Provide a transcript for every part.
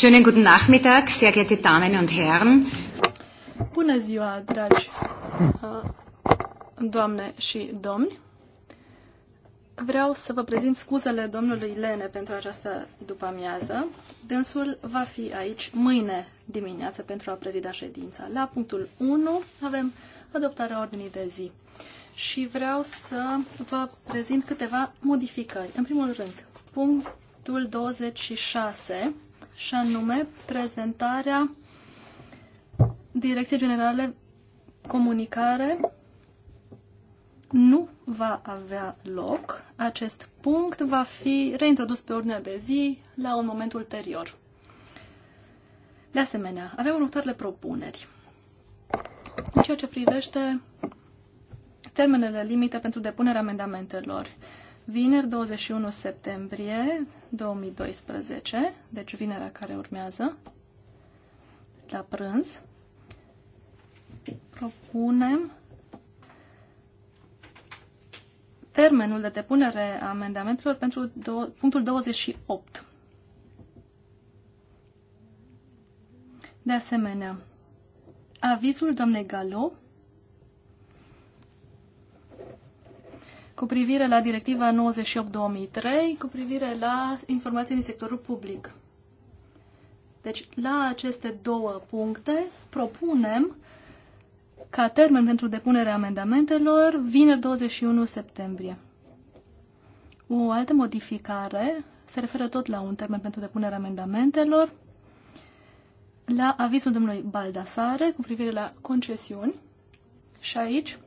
Schönen guten Nachmittag, sehr geehrte Damen und Herren. Bună ziua, dragi uh, doamne și domni. Vreau să vă prezint scuzele domnului Lene pentru această după-amiază. Dânsul va fi aici mâine dimineață pentru a prezida ședința. La punctul 1 avem adoptarea ordinii de zi. Și vreau să vă prezint câteva modificări. În primul rând, punctul 26 și anume prezentarea Direcției Generale Comunicare nu va avea loc. Acest punct va fi reintrodus pe ordinea de zi la un moment ulterior. De asemenea, avem următoarele propuneri. În ceea ce privește termenele limite pentru depunerea amendamentelor, Vineri 21 septembrie 2012, deci vinerea care urmează, la prânz, propunem termenul de depunere a amendamentelor pentru punctul 28. De asemenea, avizul doamnei Galo cu privire la directiva 98-2003 cu privire la informații din sectorul public. Deci, la aceste două puncte propunem ca termen pentru depunerea amendamentelor vineri 21 septembrie. O altă modificare se referă tot la un termen pentru depunerea amendamentelor, la avizul domnului Baldasare cu privire la concesiuni. Și aici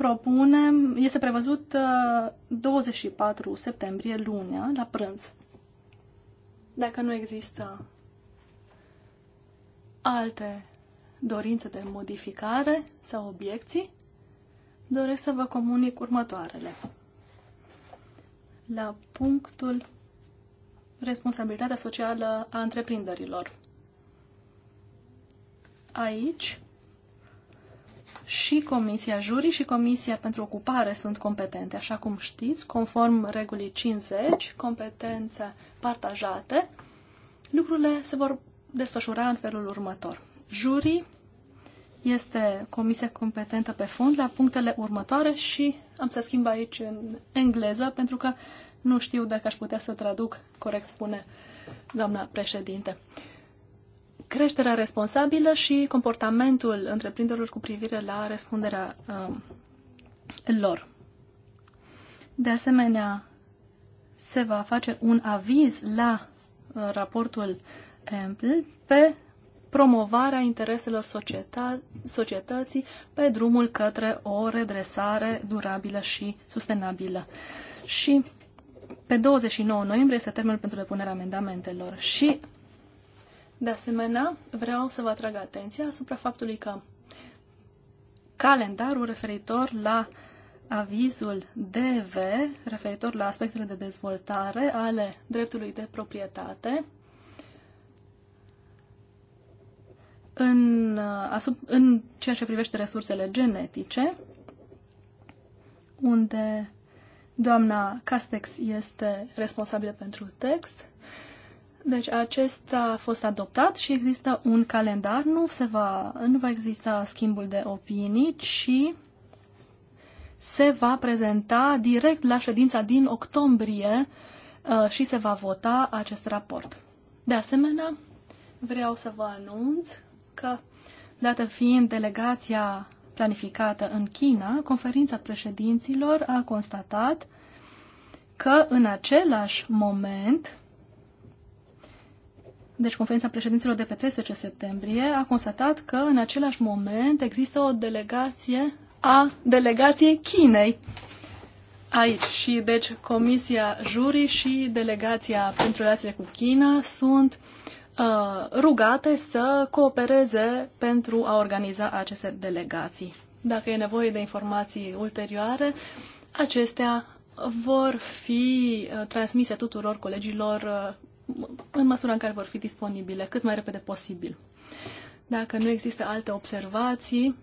propunem, este prevăzut 24 uh, septembrie, lunea, la prânz. Dacă nu există alte dorințe de modificare sau obiecții, doresc să vă comunic următoarele. La punctul responsabilitatea socială a întreprinderilor. Aici și Comisia Jurii și Comisia pentru Ocupare sunt competente. Așa cum știți, conform regulii 50, competențe partajate, lucrurile se vor desfășura în felul următor. Jurii este comisia competentă pe fond la punctele următoare și am să schimb aici în engleză pentru că nu știu dacă aș putea să traduc corect, spune doamna președinte. Uh, creșterea responsabilă și comportamentul întreprinderilor cu privire la răspunderea uh, lor. De asemenea, se va face un aviz la uh, raportul Ample pe promovarea intereselor societății pe drumul către o redresare durabilă și sustenabilă. Și pe 29 noiembrie este termenul pentru depunerea amendamentelor și de asemenea, vreau să vă atrag atenția asupra faptului că calendarul referitor la avizul DV, referitor la aspectele de dezvoltare ale dreptului de proprietate, în, asup, în ceea ce privește resursele genetice, unde doamna Castex este responsabilă pentru text, uh, deci acesta a fost adoptat și există un calendar, nu, se va, nu va exista schimbul de opinii, ci se va prezenta direct la ședința din octombrie uh, și se va vota acest raport. De asemenea, vreau să vă anunț că, dată fiind delegația planificată în China, conferința președinților a constatat că în același moment deci conferința președinților de pe 13 septembrie, a constatat că în același moment există o delegație a delegației Chinei aici. Și deci Comisia Jurii și Delegația pentru Relațiile cu China sunt uh, rugate să coopereze pentru a organiza aceste delegații. Dacă e nevoie de informații ulterioare, acestea vor fi uh, transmise tuturor colegilor uh, în măsura în care vor fi disponibile cât mai repede posibil. Dacă nu există alte observații,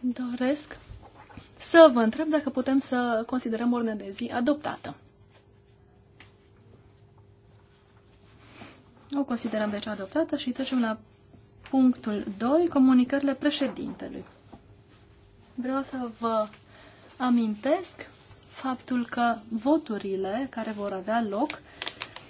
doresc să vă întreb dacă putem să considerăm ordinea de zi adoptată. O considerăm deci adoptată și trecem la punctul 2, comunicările președintelui. Vreau să vă amintesc faptul că voturile care vor avea loc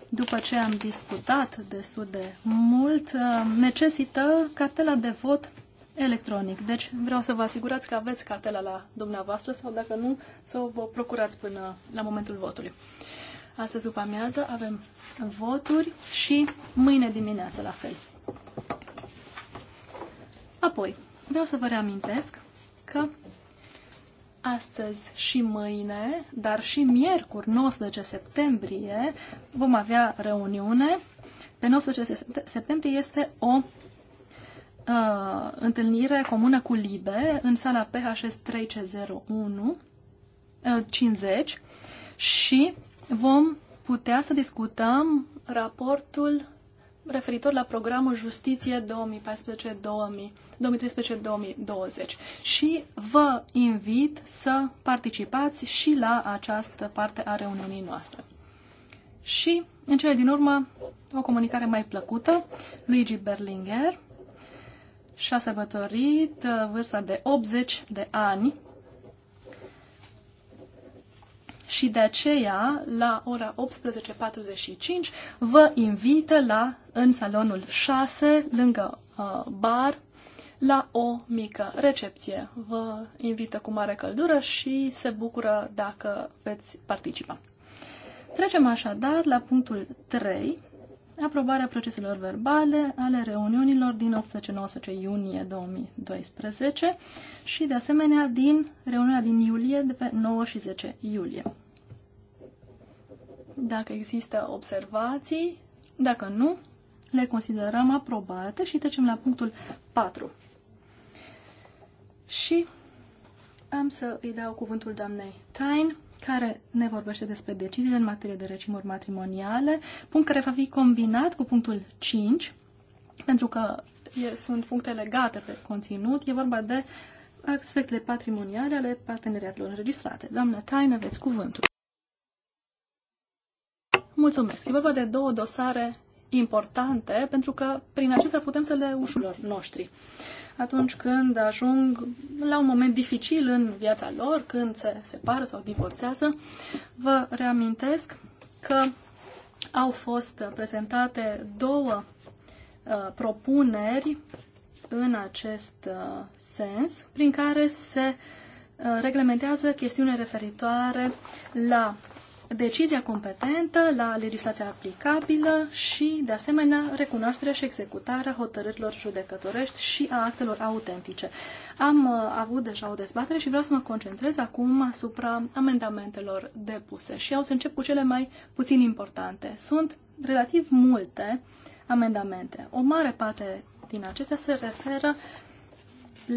după ce am discutat destul de mult, uh, necesită cartela de vot electronic. Deci vreau să vă asigurați că aveți cartela la dumneavoastră sau dacă nu, să vă procurați până la momentul votului. Astăzi după amiază avem voturi și mâine dimineață la fel. Apoi, vreau să vă reamintesc că astăzi și mâine, dar și miercuri, 19 septembrie, vom avea reuniune. Pe 19 septembrie este o uh, întâlnire comună cu LIBE în sala PHS 301 uh, 50 și vom putea să discutăm raportul referitor la programul Justiție 2014-2020 și vă invit să participați și la această parte a reuniunii noastre. Și, în cele din urmă, o comunicare mai plăcută, Luigi Berlinger și-a sărbătorit uh, vârsta de 80 de ani și de aceea, la ora 18.45, vă invită la, în salonul 6, lângă uh, bar, la o mică recepție. Vă invită cu mare căldură și se bucură dacă veți participa. Trecem așadar la punctul 3, aprobarea proceselor verbale ale reuniunilor din 18-19 iunie 2012 și, de asemenea, din reuniunea din iulie de pe 9 și 10 iulie. Dacă există observații, dacă nu, le considerăm aprobate și trecem la punctul 4. Și am să îi dau cuvântul doamnei Tain care ne vorbește despre deciziile în materie de regimuri matrimoniale, punct care va fi combinat cu punctul 5, pentru că sunt puncte legate pe conținut, e vorba de aspectele patrimoniale ale parteneriatelor înregistrate. Doamna Taină, aveți cuvântul. Mulțumesc. E vorba de două dosare importante pentru că prin acestea putem să le ușurăm noștri. Atunci când ajung la un moment dificil în viața lor, când se separă sau divorțează, vă reamintesc că au fost prezentate două uh, propuneri în acest uh, sens, prin care se uh, reglementează chestiune referitoare la decizia competentă, la legislația aplicabilă și, de asemenea, recunoașterea și executarea hotărârilor judecătorești și a actelor autentice. Am uh, avut deja o dezbatere și vreau să mă concentrez acum asupra amendamentelor depuse și au să încep cu cele mai puțin importante. Sunt relativ multe amendamente. O mare parte din acestea se referă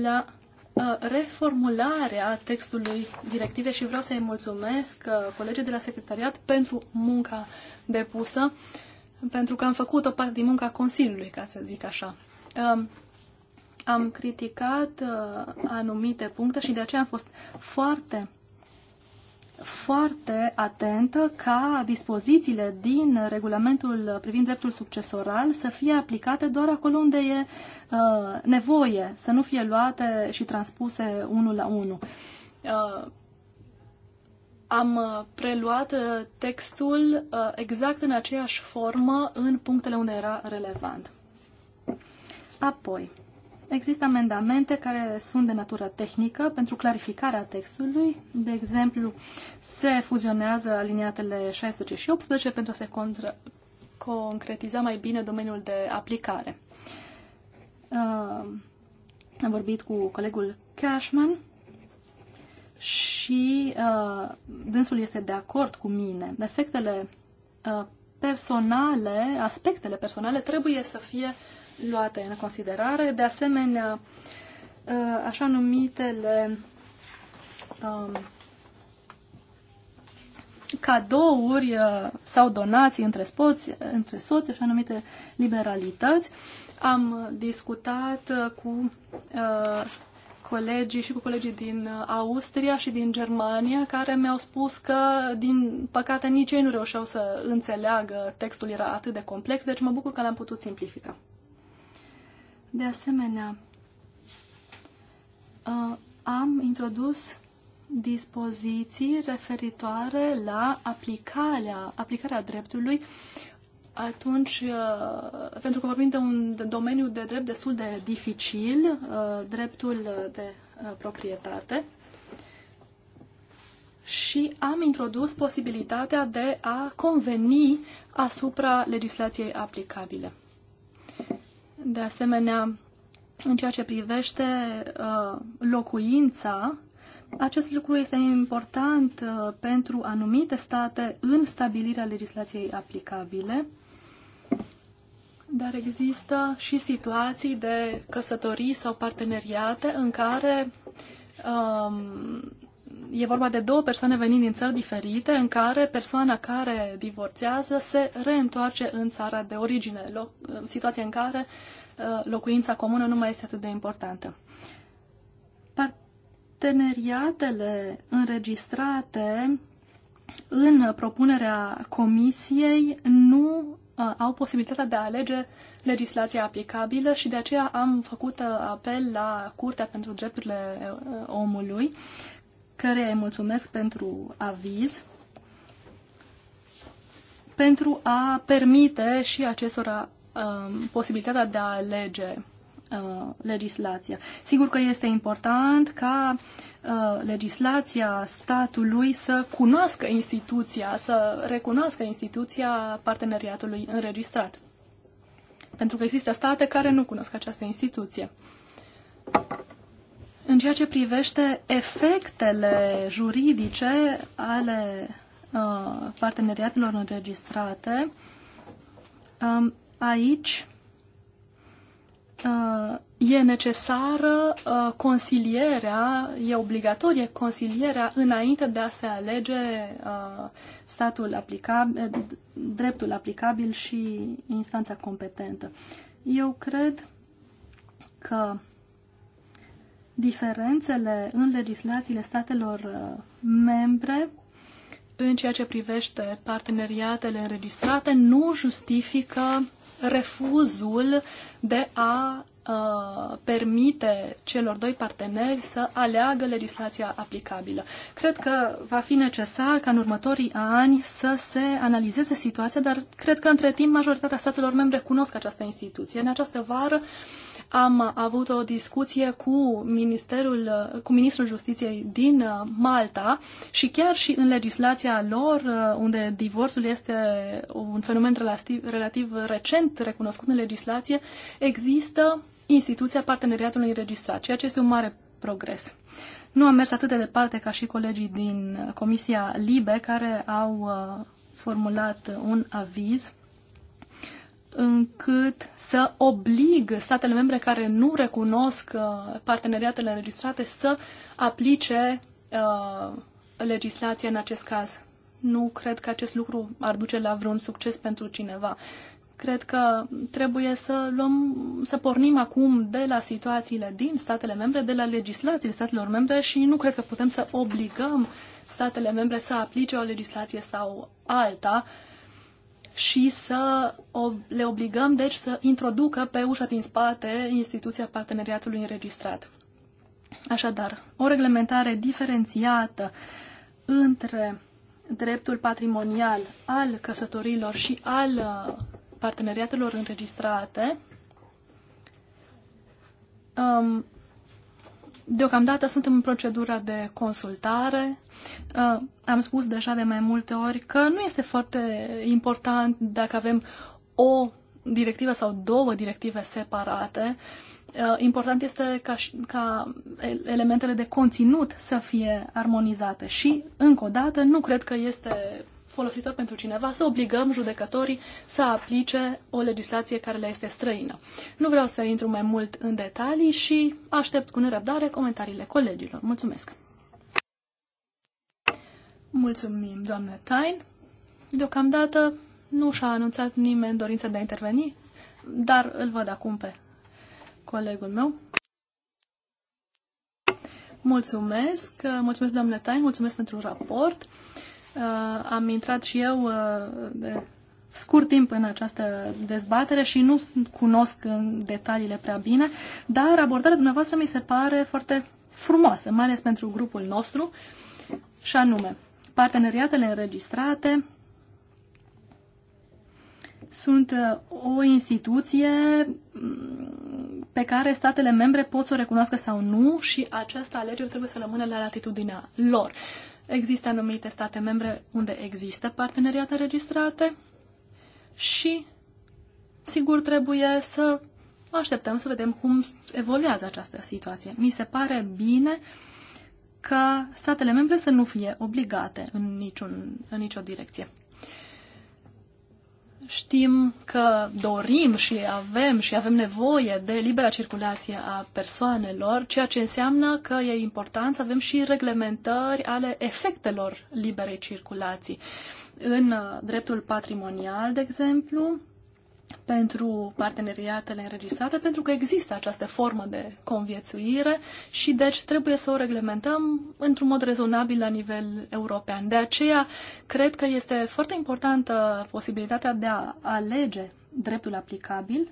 la Uh, reformularea textului directive și vreau să-i mulțumesc uh, colegii de la secretariat pentru munca depusă, pentru că am făcut o parte din munca Consiliului, ca să zic așa. Um, am criticat uh, anumite puncte și de aceea am fost foarte foarte atentă ca dispozițiile din regulamentul privind dreptul succesoral să fie aplicate doar acolo unde e uh, nevoie, să nu fie luate și transpuse unul la unul. Uh, am uh, preluat uh, textul uh, exact în aceeași formă în punctele unde era relevant. Apoi, Există amendamente care sunt de natură tehnică pentru clarificarea textului. De exemplu, se fuzionează aliniatele 16 și 18 pentru a se contra- concretiza mai bine domeniul de aplicare. Uh, am vorbit cu colegul Cashman și uh, dânsul este de acord cu mine. Efectele uh, personale, aspectele personale trebuie să fie uh, luate în considerare. De asemenea, uh, așa numitele um, cadouri uh, sau donații între, spoți, între soți, așa numite liberalități. Am discutat uh, cu uh, colegii și cu colegii din Austria și din Germania care mi-au spus că, din păcate, nici ei nu reușeau să înțeleagă textul, era atât de complex, deci mă bucur că l-am putut simplifica. De asemenea, uh, am introdus dispoziții referitoare la aplicarea, aplicarea dreptului atunci, uh, pentru că vorbim de un domeniu de drept destul de dificil, uh, dreptul de proprietate, și am introdus posibilitatea de a conveni asupra legislației aplicabile. De asemenea, în ceea ce privește uh, locuința, acest lucru este important uh, pentru anumite state în stabilirea legislației aplicabile, dar există și situații de căsătorii sau parteneriate în care um, e vorba de două persoane venind din țări diferite în care persoana care divorțează se reîntoarce în țara de origine, loc, situație în care uh, locuința comună nu mai este atât de importantă. Parteneriatele înregistrate în propunerea comisiei nu uh, au posibilitatea de a alege legislația aplicabilă și de aceea am făcut uh, apel la Curtea pentru Drepturile Omului care îi mulțumesc pentru aviz, pentru a permite și acestora um, posibilitatea de a alege uh, legislația. Sigur că este important ca uh, legislația statului să cunoască instituția, să recunoască instituția parteneriatului înregistrat. Pentru că există state care nu cunosc această instituție. În ceea ce privește efectele juridice ale uh, parteneriatelor înregistrate, um, aici uh, e necesară uh, consilierea, e obligatorie consilierea înainte de a se alege uh, statul aplicabil, dreptul aplicabil și instanța competentă. Eu cred că diferențele în legislațiile statelor uh, membre în ceea ce privește parteneriatele înregistrate nu justifică refuzul de a uh, permite celor doi parteneri să aleagă legislația aplicabilă. Cred că va fi necesar ca în următorii ani să se analizeze situația, dar cred că între timp majoritatea statelor membre cunosc această instituție. În această vară uh, am avut o discuție cu, ministerul, cu ministrul justiției din uh, Malta și chiar și în legislația lor, uh, unde divorțul este un fenomen relativ, relativ recent recunoscut în legislație, există instituția parteneriatului înregistrat, ceea ce este un mare progres. Nu am mers atât de departe ca și colegii din Comisia Libe, care au uh, formulat un aviz încât să oblig statele membre care nu recunosc uh, parteneriatele înregistrate să aplice uh, legislația în acest caz. Nu cred că acest lucru ar duce la vreun succes pentru cineva. Cred că trebuie să luăm, să pornim acum de la situațiile din statele membre, de la legislațiile statelor membre și nu cred că putem să obligăm statele membre să aplice o legislație sau alta uh, și să le obligăm, deci, să introducă pe ușa din spate instituția parteneriatului înregistrat. Așadar, o reglementare diferențiată între dreptul patrimonial al căsătorilor și al uh, parteneriatelor înregistrate um, Deocamdată suntem în procedura de consultare. Uh, am spus deja de mai multe ori că nu este foarte important dacă avem o directivă sau două directive separate. Uh, important este ca, ca elementele de conținut să fie armonizate și, încă o dată, nu cred că este folositor pentru cineva, să obligăm judecătorii să aplice o legislație care le este străină. Nu vreau să intru mai mult în detalii și aștept cu nerăbdare comentariile colegilor. Mulțumesc! Mulțumim, doamnă Tain. Deocamdată nu și-a anunțat nimeni dorința de a interveni, dar îl văd acum pe colegul meu. Mulțumesc, mulțumesc doamne Tain, mulțumesc pentru raport. Uh, am intrat și eu uh, de scurt timp în această dezbatere și nu cunosc în detaliile prea bine, dar abordarea dumneavoastră mi se pare foarte frumoasă, mai ales pentru grupul nostru, și anume parteneriatele înregistrate, sunt uh, o instituție mm, pe care statele membre pot să o recunoască sau nu și această alegere trebuie să rămână la latitudinea lor. Există anumite state membre unde există parteneriate registrate și, sigur, trebuie să așteptăm să vedem cum evoluează această situație. Mi se pare bine ca statele membre să nu fie obligate în, niciun, în nicio direcție. Știm că dorim și avem și avem nevoie de libera circulație a persoanelor, ceea ce înseamnă că e important să avem și reglementări ale efectelor liberei circulații. În uh, dreptul patrimonial, de exemplu, pentru parteneriatele înregistrate, pentru că există această formă de conviețuire și deci trebuie să o reglementăm într-un mod rezonabil la nivel european. De aceea, cred că este foarte importantă posibilitatea de a alege dreptul aplicabil,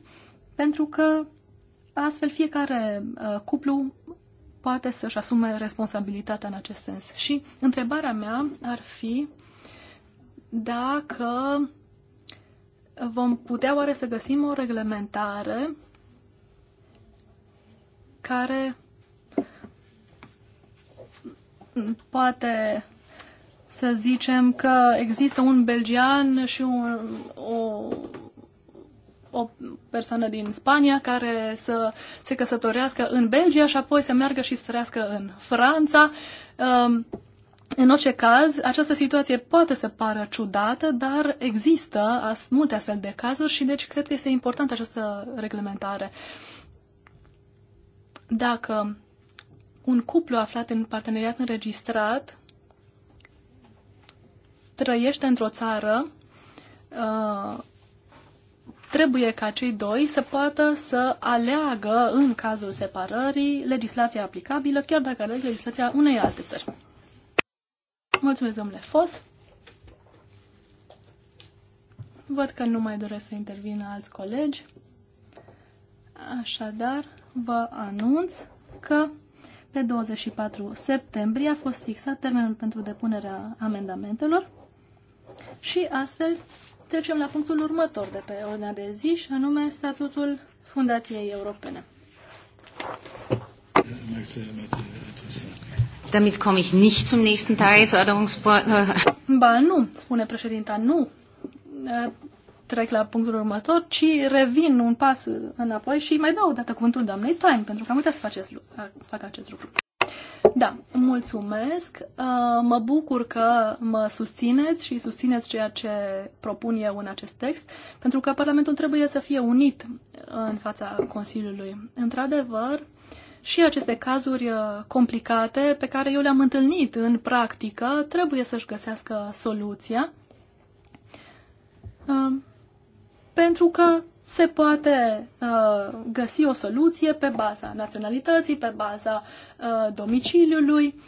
pentru că astfel fiecare uh, cuplu poate să-și asume responsabilitatea în acest sens. Și întrebarea mea ar fi dacă vom putea oare să găsim o reglementare care poate să zicem că există un belgian și un, o, o persoană din Spania care să se căsătorească în Belgia și apoi să meargă și să trăiască în Franța. Um, în orice caz, această situație poate să pară ciudată, dar există as, multe astfel de cazuri și deci cred că este importantă această reglementare. Dacă un cuplu aflat în parteneriat înregistrat trăiește într-o țară, uh, trebuie ca cei doi să poată să aleagă, în cazul separării, legislația aplicabilă, chiar dacă aleg legislația unei alte țări. Mulțumesc, domnule Fos. Văd că nu mai doresc să intervină alți colegi. Așadar, vă anunț că pe 24 septembrie a fost fixat termenul pentru depunerea amendamentelor și astfel trecem la punctul următor de pe ordinea de zi și anume statutul Fundației Europene. Damit komme ich nicht zum nächsten Tagesordnungspunkt. Ba nu, spune președinta, nu. Trec la punctul următor, ci revin un pas înapoi și mai dau o dată cuvântul doamnei Time, pentru că am uitat să facesc, fac acest lucru. Da, mulțumesc. Mă bucur că mă susțineți și susțineți ceea ce propun eu în acest text, pentru că Parlamentul trebuie să fie unit în fața Consiliului. Într-adevăr, și aceste cazuri uh, complicate pe care eu le-am întâlnit în practică trebuie să-și găsească soluția uh, pentru că se poate uh, găsi o soluție pe baza naționalității, pe baza uh, domiciliului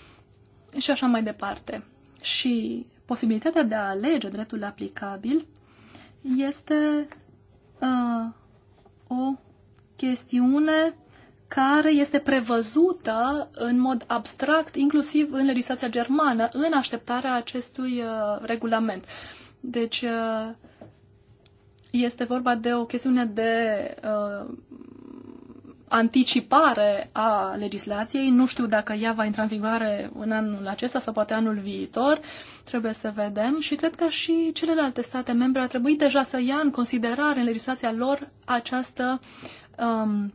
și așa mai departe. Și posibilitatea de a alege dreptul aplicabil este uh, o chestiune care este prevăzută în mod abstract, inclusiv în legislația germană, în așteptarea acestui uh, regulament. Deci uh, este vorba de o chestiune de uh, anticipare a legislației. Nu știu dacă ea va intra în vigoare în anul acesta sau poate anul viitor. Trebuie să vedem și cred că și celelalte state membre ar trebui deja să ia în considerare în legislația lor această um,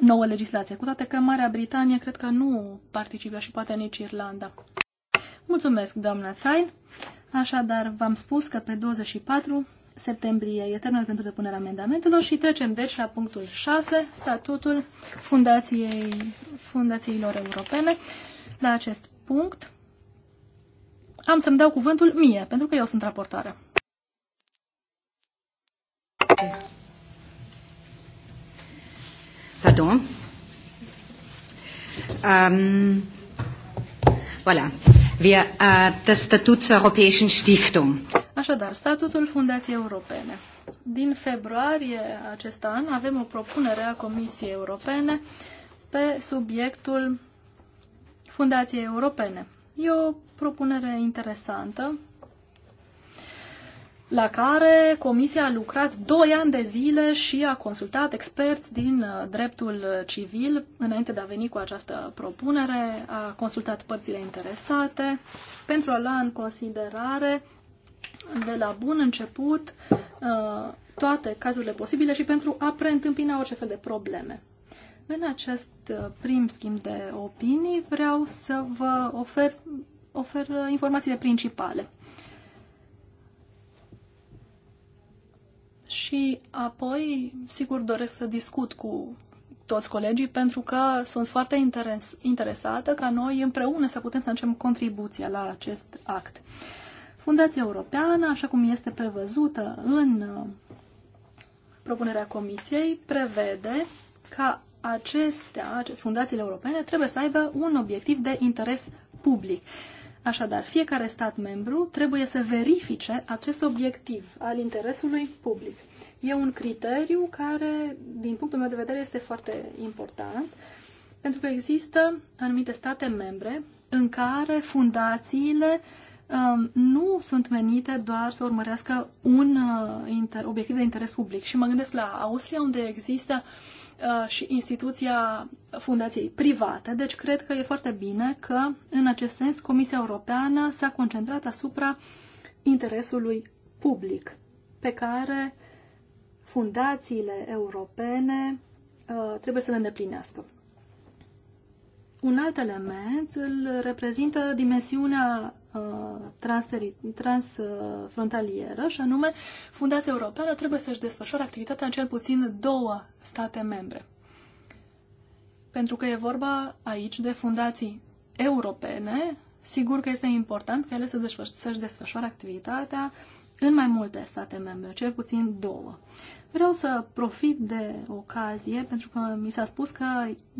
nouă legislație, cu toate că Marea Britanie cred că nu participă și poate nici Irlanda. Mulțumesc, doamna Tain. Așadar, v-am spus că pe 24 septembrie e termenul pentru depunerea amendamentelor și trecem deci la punctul 6, statutul fundației, fundațiilor europene. La acest punct am să-mi dau cuvântul mie, pentru că eu sunt raportoare. Pardon. Ähm, voilà. Wir, äh, das Statut zur Europäischen Stiftung. Așadar, statutul Fundației Europene. Din februarie acest an avem o propunere a Comisiei Europene pe subiectul Fundației Europene. E o propunere interesantă la care Comisia a lucrat 2 ani de zile și a consultat experți din uh, dreptul civil înainte de a veni cu această propunere, a consultat părțile interesate pentru a lua în considerare de la bun început uh, toate cazurile posibile și pentru a preîntâmpina orice fel de probleme. În acest uh, prim schimb de opinii vreau să vă ofer, ofer informațiile principale. și apoi, sigur, doresc să discut cu toți colegii pentru că sunt foarte interes, interesată ca noi împreună să putem să începem contribuția la acest act. Fundația Europeană, așa cum este prevăzută în uh, propunerea Comisiei, prevede ca acestea, fundațiile europene, trebuie să aibă un obiectiv de interes public. Uh, Așadar, fiecare stat membru trebuie să verifice acest obiectiv al interesului public. E un criteriu care, din punctul meu de vedere, este foarte important, pentru că există anumite state membre în care fundațiile um, nu sunt menite doar să urmărească un uh, inter, obiectiv de interes public. Și mă gândesc la Austria, unde există uh, Uh, și instituția fundației private, deci cred că e foarte bine că, în acest sens, Comisia Europeană s-a concentrat asupra interesului public pe care fundațiile europene uh, trebuie să le îndeplinească. Un alt element îl reprezintă dimensiunea Uh, transfrontalieră, și anume Fundația Europeană trebuie să-și desfășoare activitatea în cel puțin două state membre. Pentru că e vorba aici de fundații europene, sigur că este important ca ele să să-și desfășoare activitatea în mai multe state membre, cel puțin două. Vreau să profit de ocazie, pentru că mi s-a spus că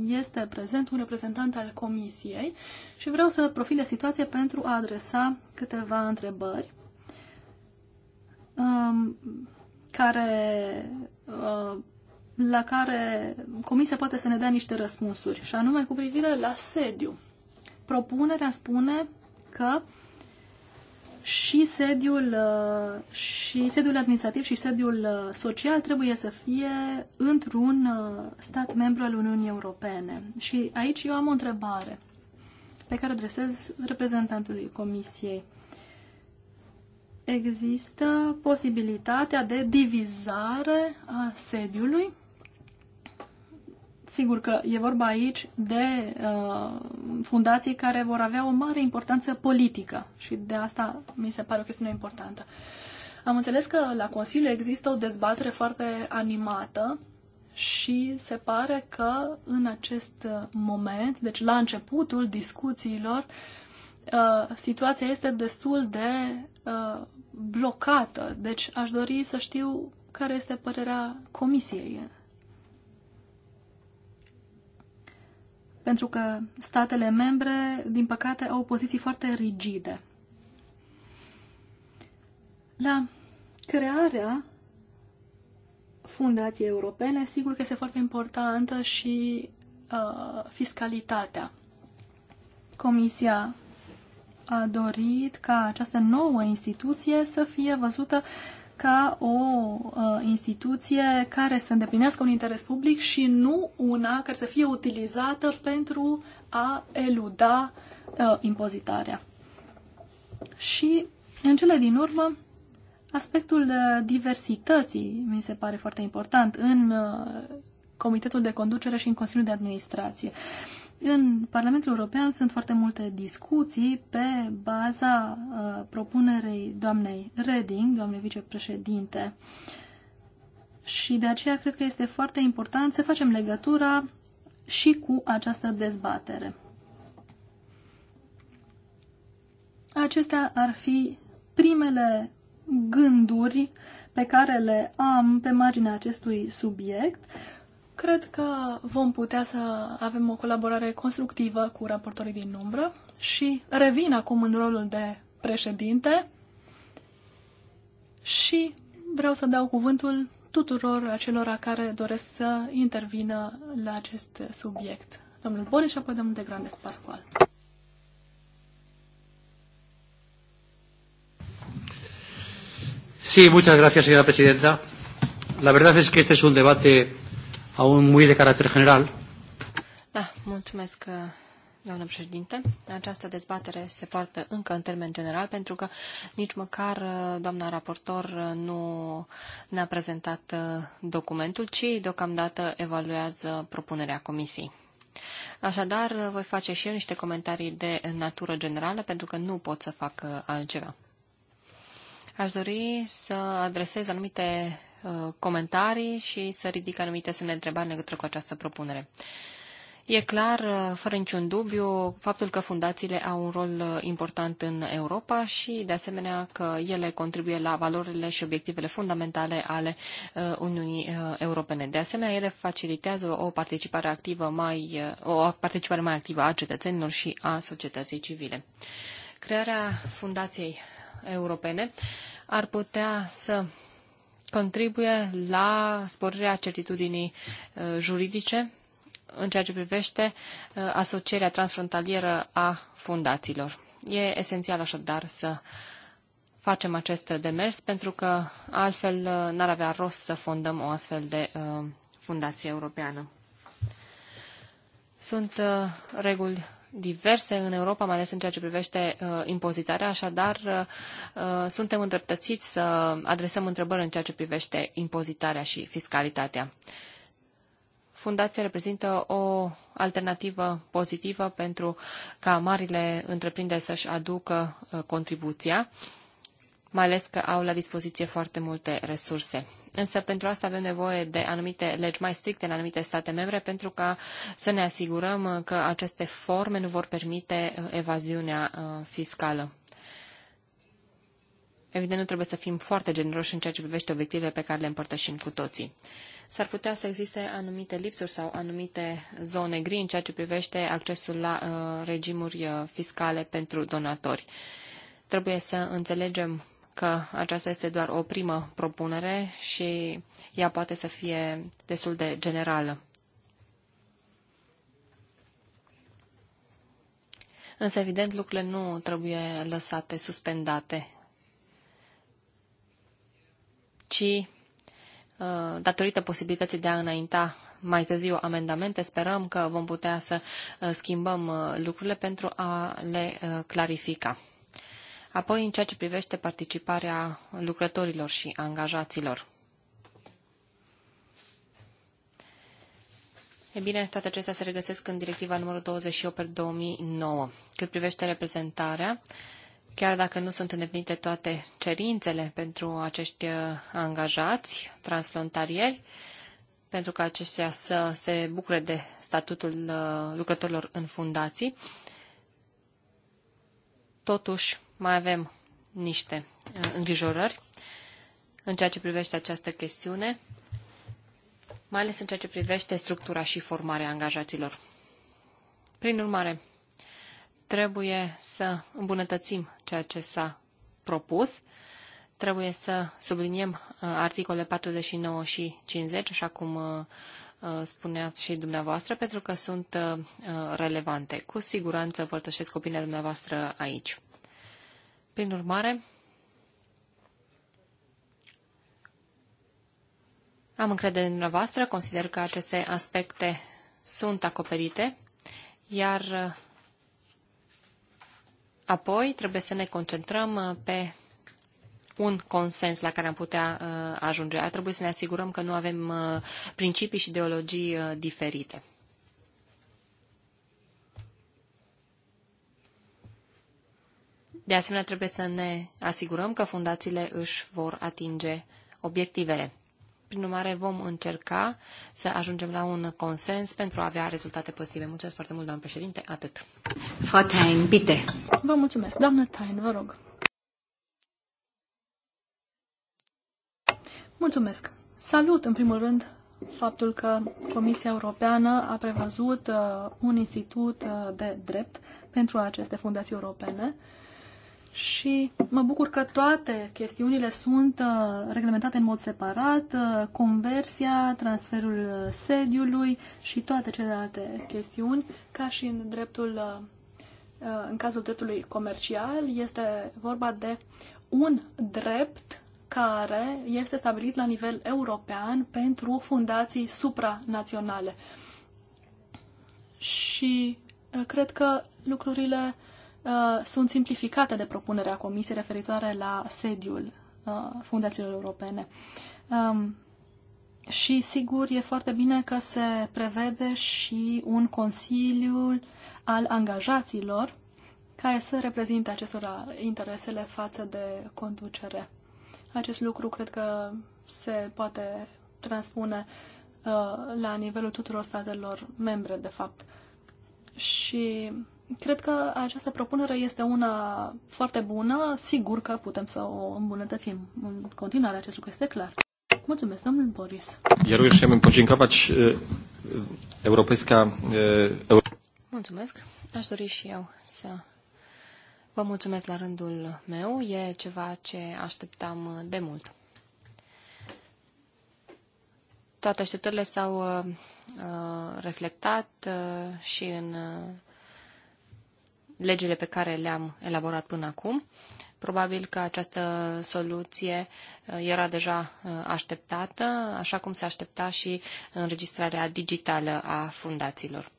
este prezent un reprezentant al Comisiei și vreau să profit de situație pentru a adresa câteva întrebări um, care, uh, la care Comisia poate să ne dea niște răspunsuri, și anume cu privire la sediu. Propunerea spune că uh, și sediul, uh, și sediul administrativ și sediul uh, social trebuie să fie într-un uh, stat membru al Uniunii Europene. Și aici eu am o întrebare pe care o adresez reprezentantului Comisiei. Există posibilitatea de divizare a sediului Sigur că e vorba aici de uh, fundații care vor avea o mare importanță politică și de asta mi se pare o chestiune importantă. Am înțeles că la Consiliu există o dezbatere foarte animată și se pare că în acest moment, deci la începutul discuțiilor, uh, situația este destul de uh, blocată. Deci aș dori să știu care este părerea Comisiei pentru că statele membre, din păcate, au poziții foarte rigide. La crearea fundației europene, sigur că este foarte importantă și uh, fiscalitatea. Comisia a dorit ca această nouă instituție să fie văzută ca o uh, instituție care să îndeplinească un interes public și nu una care să fie utilizată pentru a eluda uh, impozitarea. Și, în cele din urmă, aspectul uh, diversității mi se pare foarte important în uh, Comitetul de Conducere și în Consiliul de Administrație. Uh, în Parlamentul European sunt foarte multe discuții pe baza uh, propunerei doamnei Reding, doamnei vicepreședinte. Și de aceea cred că este foarte important să facem legătura și cu această dezbatere. Acestea ar fi primele gânduri pe care le am pe marginea acestui subiect. Cred că vom putea să avem o colaborare constructivă cu raportorii din umbră și revin acum în rolul de președinte și vreau să dau cuvântul tuturor acelora care doresc să intervină la acest subiect. Domnul Boris și apoi domnul de Grandes Pascual. Sí, muchas gracias, señora presidenta. La verdad es que este es un debate aún muy de caracter general. Da, mulțumesc, uh, doamnă președinte. Această dezbatere se poartă încă în termen general, pentru că nici măcar uh, doamna raportor uh, nu ne-a prezentat documentul, ci deocamdată evaluează propunerea comisiei. Așadar, voi face și eu niște comentarii de natură generală, pentru că nu pot să fac altceva. Aș dori să adresez anumite Uh, comentarii și să ridic anumite semne de întrebare în legătură cu această propunere. E clar, uh, fără niciun dubiu, faptul că fundațiile au un rol uh, important în Europa și, de asemenea, că ele contribuie la valorile și obiectivele fundamentale ale Uniunii Europene. De asemenea, ele facilitează o participare, activă mai, o participare mai activă a cetățenilor și a societății civile. Crearea fundației europene ar putea să contribuie la sporirea certitudinii uh, juridice în ceea ce privește uh, asocierea transfrontalieră a fundațiilor. E esențial așadar să facem acest demers pentru că altfel uh, n-ar avea rost să fondăm o astfel de fundație europeană. Sunt reguli diverse în Europa, mai ales în ceea ce privește uh, impozitarea, așadar uh, uh, suntem îndreptățiți să adresăm întrebări în ceea ce privește impozitarea și fiscalitatea. Fundația reprezintă o alternativă pozitivă pentru ca marile întreprinderi să-și aducă uh, contribuția mai ales că au la dispoziție foarte multe resurse. Însă pentru asta avem nevoie de anumite legi mai stricte în anumite state membre pentru ca să ne asigurăm că aceste forme nu vor permite uh, evaziunea uh, fiscală. Evident, nu trebuie să fim foarte generoși în ceea ce privește obiectivele pe care le împărtășim cu toții. S-ar putea să existe anumite lipsuri sau anumite zone gri în ceea ce privește accesul la uh, regimuri uh, fiscale pentru donatori. Trebuie să înțelegem că aceasta este doar o primă propunere și ea poate să fie destul de generală. Însă, evident, lucrurile nu trebuie lăsate suspendate, ci uh, datorită posibilității de a înainta mai târziu amendamente, sperăm că vom putea să uh, schimbăm uh, lucrurile pentru a le clarifica. Apoi, în ceea ce privește participarea lucrătorilor și angajaților. E bine, toate acestea se regăsesc în directiva numărul 28 per 2009. Cât privește reprezentarea, chiar dacă nu sunt îndeplinite toate cerințele pentru acești uh, angajați transfrontalieri, pentru ca aceștia să se bucure de statutul uh, lucrătorilor în fundații, totuși mai avem niște uh, îngrijorări în ceea ce privește această chestiune, mai ales în ceea ce privește structura și formarea angajaților. Prin urmare, trebuie să îmbunătățim ceea ce s-a propus, trebuie să subliniem uh, articole 49 și 50, așa cum uh, spuneați și dumneavoastră, pentru că sunt relevante. Cu siguranță părtășesc opinia dumneavoastră aici. Prin urmare, am încredere în dumneavoastră, consider că aceste aspecte sunt acoperite, iar uh, apoi trebuie să ne concentrăm uh, pe un consens la care am putea uh, ajunge. Ar trebui să ne asigurăm că nu avem principii și ideologii diferite. De asemenea, trebuie să ne asigurăm că fundațiile își vor atinge obiectivele. Prin urmare, vom încerca să ajungem la un consens pentru a avea rezultate pozitive. Mulțumesc foarte mult, doamnă președinte. Atât. Frau Tain, Vă mulțumesc. Doamnă Tain, vă rog. Mulțumesc. Salut, în primul rând, faptul că Comisia Europeană a prevăzut uh, un institut uh, de drept pentru aceste fundații europene. Uh, și mă bucur că toate chestiunile sunt uh, reglementate în mod separat, uh, conversia, transferul uh, sediului și toate celelalte chestiuni, ca și în dreptul în cazul dreptului comercial, este vorba de un drept care este stabilit la nivel european pentru fundații supranaționale. Și cred că lucrurile uh, Uh, sunt simplificate de propunerea Comisiei referitoare la sediul uh, fundațiilor europene. Um, și, sigur, e foarte bine că se prevede și un consiliu al angajaților care să reprezinte acestora interesele față de conducere. Acest lucru cred că se poate transpune uh, la nivelul tuturor statelor membre, de fapt. Și Cred că această propunere este una foarte bună. Sigur că putem să o îmbunătățim. În continuare, acest lucru este clar. Mulțumesc, domnul Boris. Iar eu chciałbym podziękować eh, europejska... Eh, mulțumesc. Aș dori și eu să vă mulțumesc la rândul meu. E ceva ce așteptam eh, de mult. Toate așteptările s-au reflectat și în legile pe care le-am elaborat până acum. Probabil că această soluție uh, era deja uh, așteptată, așa cum se aștepta și înregistrarea digitală a fundațiilor.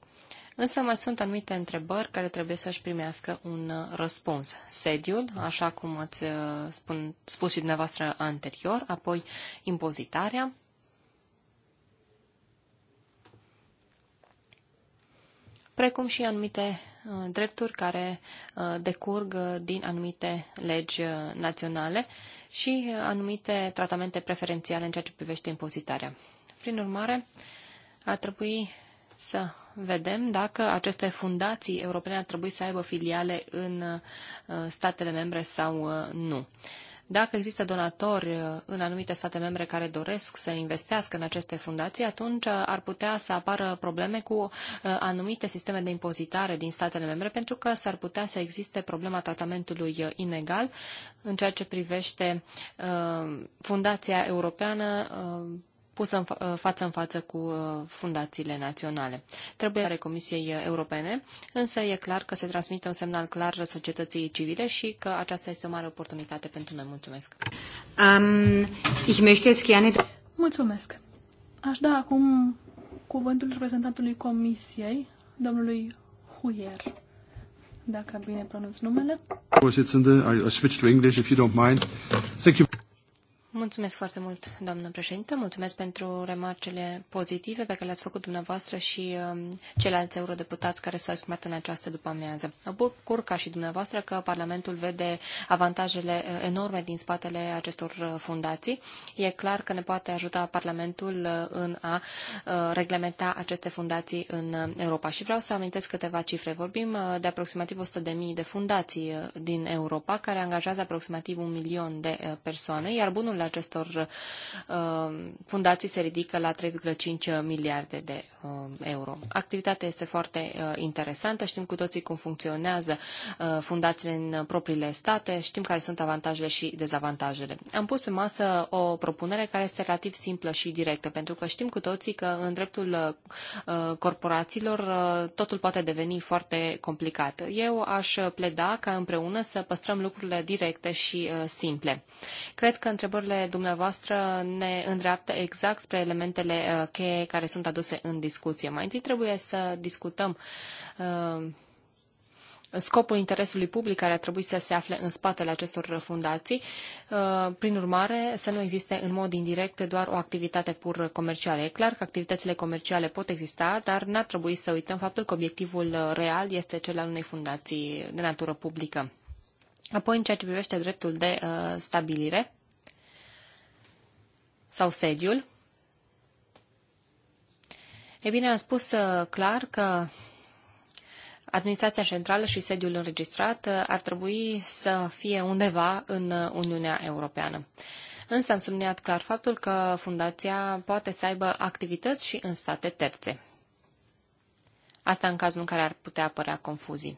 Însă mai sunt anumite întrebări care trebuie să-și primească un uh, răspuns. Sediul, așa cum ați spun, spus și dumneavoastră anterior, apoi impozitarea, precum și anumite Uh, drepturi care uh, decurg uh, din anumite legi naționale și anumite tratamente preferențiale în ceea ce privește impozitarea. Prin urmare, ar trebui să vedem dacă aceste fundații europene ar trebui să aibă filiale în statele membre sau nu. Dacă există donatori uh, în anumite state membre care doresc să investească în aceste fundații, atunci uh, ar putea să apară probleme cu uh, anumite sisteme de impozitare din statele membre, pentru că s-ar putea să existe problema tratamentului inegal în ceea ce privește Fundația Europeană pusă în uh, față în față cu uh, fundațiile naționale. Trebuie are Comisiei Europene, însă e clar că se transmite un semnal clar societății civile și că aceasta este o mare oportunitate pentru noi. Mulțumesc! Um, ich möchte jetzt gerne... Mulțumesc! Aș da acum cuvântul reprezentantului Comisiei, domnului Huier. Dacă bine pronunț numele. Vorsitzende, I switch to English if you don't mind. Thank you. Mulțumesc foarte mult, doamnă președintă. Mulțumesc pentru remarcele pozitive pe care le-ați făcut dumneavoastră și um, ceilalți eurodeputați care s-au exprimat în această după-amiază. Mă bucur ca și dumneavoastră că Parlamentul vede avantajele uh, enorme din spatele acestor uh, fundații. E clar că ne poate ajuta Parlamentul uh, în a reglementa aceste fundații în Europa. Și vreau să amintesc câteva cifre. Vorbim de aproximativ 100.000 de fundații din Europa care angajează aproximativ un milion de persoane, iar bunul acestor uh, fundații se ridică la 3,5 miliarde de uh, euro. Activitatea este foarte uh, interesantă, știm cu toții cum funcționează fundațiile în propriile state, știm care sunt avantajele și dezavantajele. Am pus pe masă o propunere care este relativ simplă și directă, pentru că știm cu toții că în dreptul corporațiilor totul poate deveni foarte complicat. Eu aș pleda ca împreună să păstrăm lucrurile directe și simple. Cred că întrebările Întrebările dumneavoastră ne îndreaptă exact spre elementele uh, cheie care sunt aduse în discuție. Mai întâi trebuie să discutăm uh, scopul interesului public care ar trebui să se afle în spatele acestor fundații. Uh, prin urmare, să nu existe în mod indirect doar o activitate pur comercială. E clar că activitățile comerciale pot exista, dar n-ar trebui să uităm faptul că obiectivul real este cel al unei fundații de natură publică. Apoi, în ceea ce privește dreptul de stabilire, sau sediul. E bine, am spus uh, clar că administrația centrală și sediul înregistrat uh, ar trebui să fie undeva în uh, Uniunea Europeană. Însă am subliniat clar faptul că fundația poate să aibă activități și în state terțe. Asta în cazul în care ar putea apărea confuzii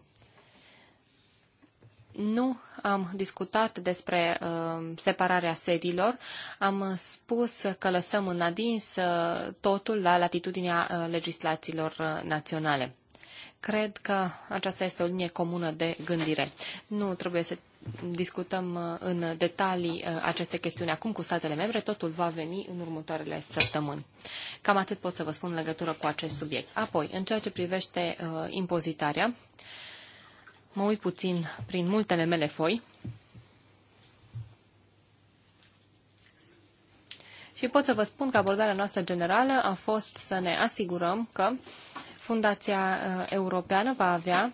nu am discutat despre uh, separarea sediilor, am spus că lăsăm în adins uh, totul la latitudinea uh, legislațiilor uh, naționale. Cred că aceasta este o linie comună de gândire. Nu trebuie să discutăm uh, în detalii uh, aceste chestiuni acum cu statele membre, totul va veni în următoarele săptămâni. Cam atât pot să vă spun în legătură cu acest subiect. Apoi, în ceea ce privește uh, impozitarea, uh, mă uit puțin prin multele mele foi și pot să vă spun că abordarea noastră generală a fost să ne asigurăm că Fundația uh, Europeană va avea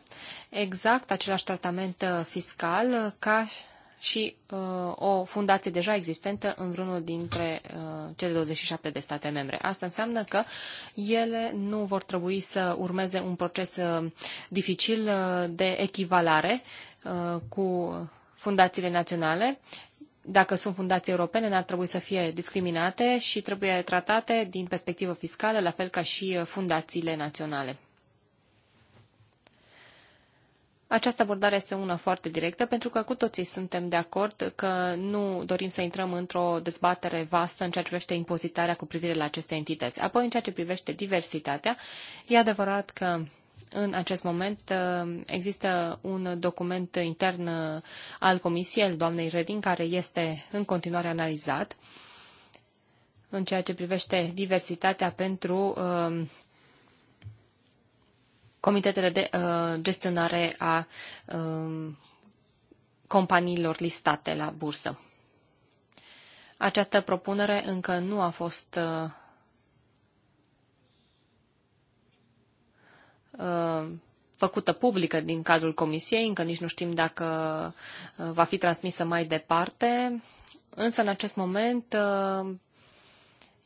exact același tratament uh, fiscal ca și uh, o fundație deja existentă în vreunul dintre uh, cele 27 de state membre. Asta înseamnă că ele nu vor trebui să urmeze un proces uh, dificil uh, de echivalare uh, cu fundațiile naționale, dacă sunt fundații europene, n-ar trebui să fie discriminate și trebuie tratate din perspectivă fiscală, la fel ca și uh, fundațiile naționale. Această abordare este una foarte directă, pentru că cu toții suntem de acord că nu dorim să intrăm într-o dezbatere vastă în ceea ce privește impozitarea cu privire la aceste entități. Apoi, în ceea ce privește diversitatea, e adevărat că în acest moment uh, există un document intern uh, al Comisiei, al doamnei Reding, care este în continuare analizat în ceea ce privește diversitatea pentru uh, comitetele de uh, gestionare a uh, companiilor listate la bursă. Această propunere încă nu a fost uh, uh făcută publică din cadrul comisiei, încă nici nu știm dacă uh, va fi transmisă mai departe, însă în acest moment uh,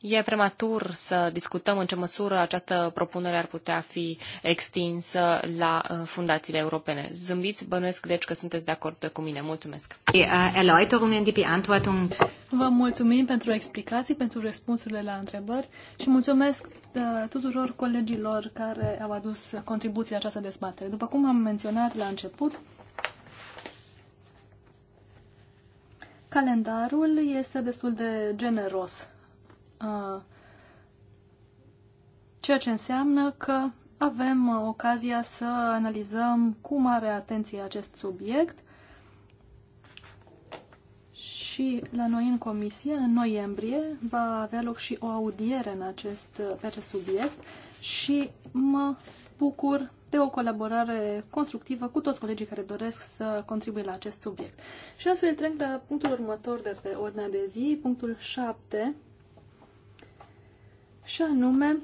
E prematur să discutăm în ce măsură această propunere ar putea fi extinsă la uh, fundațiile europene. Zâmbiți, bănuiesc deci că sunteți de acord cu mine. Mulțumesc. Uh, Vă mulțumim pentru explicații, pentru răspunsurile la întrebări și mulțumesc uh, tuturor colegilor care au adus contribuții la această dezbatere. După cum am menționat la început, calendarul este destul de generos ceea ce înseamnă că avem uh, ocazia să analizăm cu mare atenție acest subiect și la noi în comisie, în noiembrie, va avea loc și o audiere în acest, uh, pe acest subiect și mă bucur de o colaborare constructivă cu toți colegii care doresc să contribuie la acest subiect. Și astfel trec la punctul următor de pe ordinea de zi, punctul 7, și anume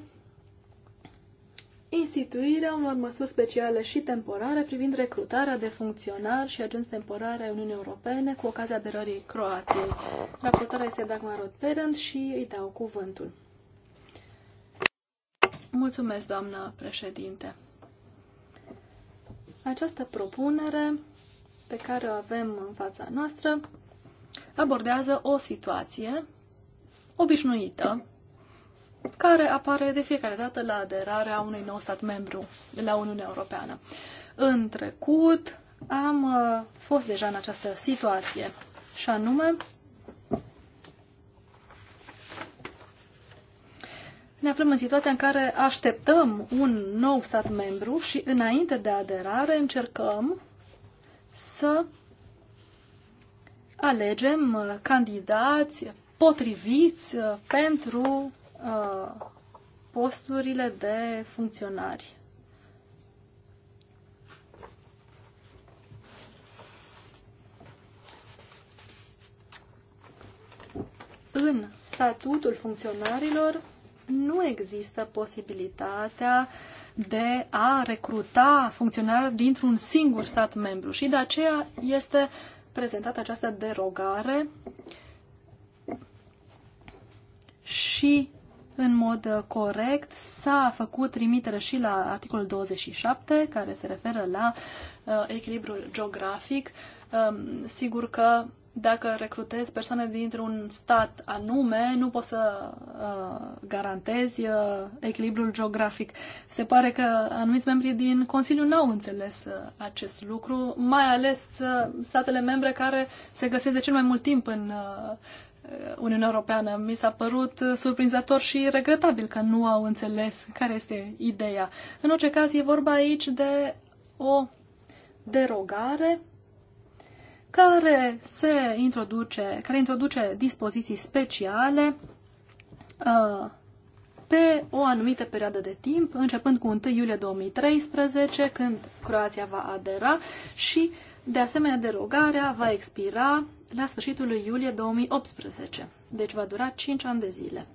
instituirea unor măsuri speciale și temporare privind recrutarea de funcționari și agenți temporare ai Uniunii Europene cu ocazia aderării Croației. Raportarea este Dagmar Rodperent și îi dau cuvântul. Mulțumesc, doamnă președinte. Această propunere pe care o avem în fața noastră abordează o situație obișnuită care apare de fiecare dată la aderarea unui nou stat membru la Uniunea Europeană. În trecut am uh, fost deja în această situație și anume ne aflăm în situația în care așteptăm un nou stat membru și înainte de aderare încercăm să alegem uh, candidați potriviți uh, pentru Uh, posturile de funcționari. În statutul funcționarilor nu există posibilitatea de a recruta funcționari dintr-un singur stat membru și de aceea este prezentată această derogare și în mod uh, corect. S-a făcut trimitere și la articolul 27, care se referă la uh, echilibrul geografic. Um, sigur că dacă recrutezi persoane dintr-un stat anume, nu poți să uh, garantezi uh, echilibrul geografic. Se pare că anumiți membri din Consiliu n-au înțeles uh, acest lucru, mai ales uh, statele membre care se găsesc de cel mai mult timp în uh, Uniunea Europeană. Mi s-a părut surprinzător și regretabil că nu au înțeles care este ideea. În orice caz, e vorba aici de o derogare care se introduce, care introduce dispoziții speciale uh, pe o anumită perioadă de timp, începând cu 1 iulie 2013, când Croația va adera și, de asemenea, derogarea va expira la sfârșitul lui iulie 2018. Deci va dura 5 ani de zile.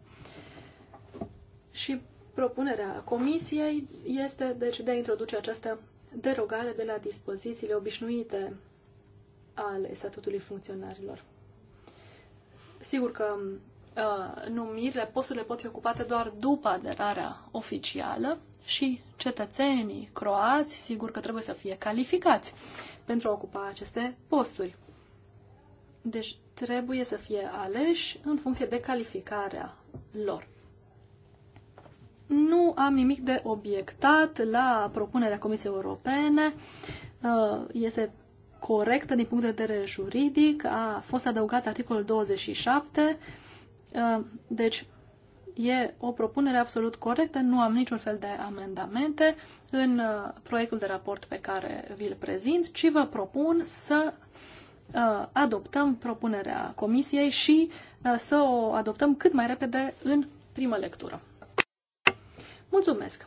Și propunerea comisiei este deci de a introduce această derogare de la dispozițiile obișnuite ale statutului funcționarilor. Sigur că uh, numirile, posturile pot fi ocupate doar după aderarea oficială și cetățenii croați, sigur că trebuie să fie calificați pentru a ocupa aceste posturi. Deci trebuie să fie aleși în funcție de calificarea lor. Nu am nimic de obiectat la propunerea Comisiei Europene. Uh, este corectă din punct de vedere juridic. A fost adăugat articolul 27. Uh, deci e o propunere absolut corectă. Nu am niciun fel de amendamente în uh, proiectul de raport pe care vi-l prezint, ci vă propun să Uh, adoptăm propunerea Comisiei și uh, să o adoptăm cât mai repede în primă lectură. Mulțumesc!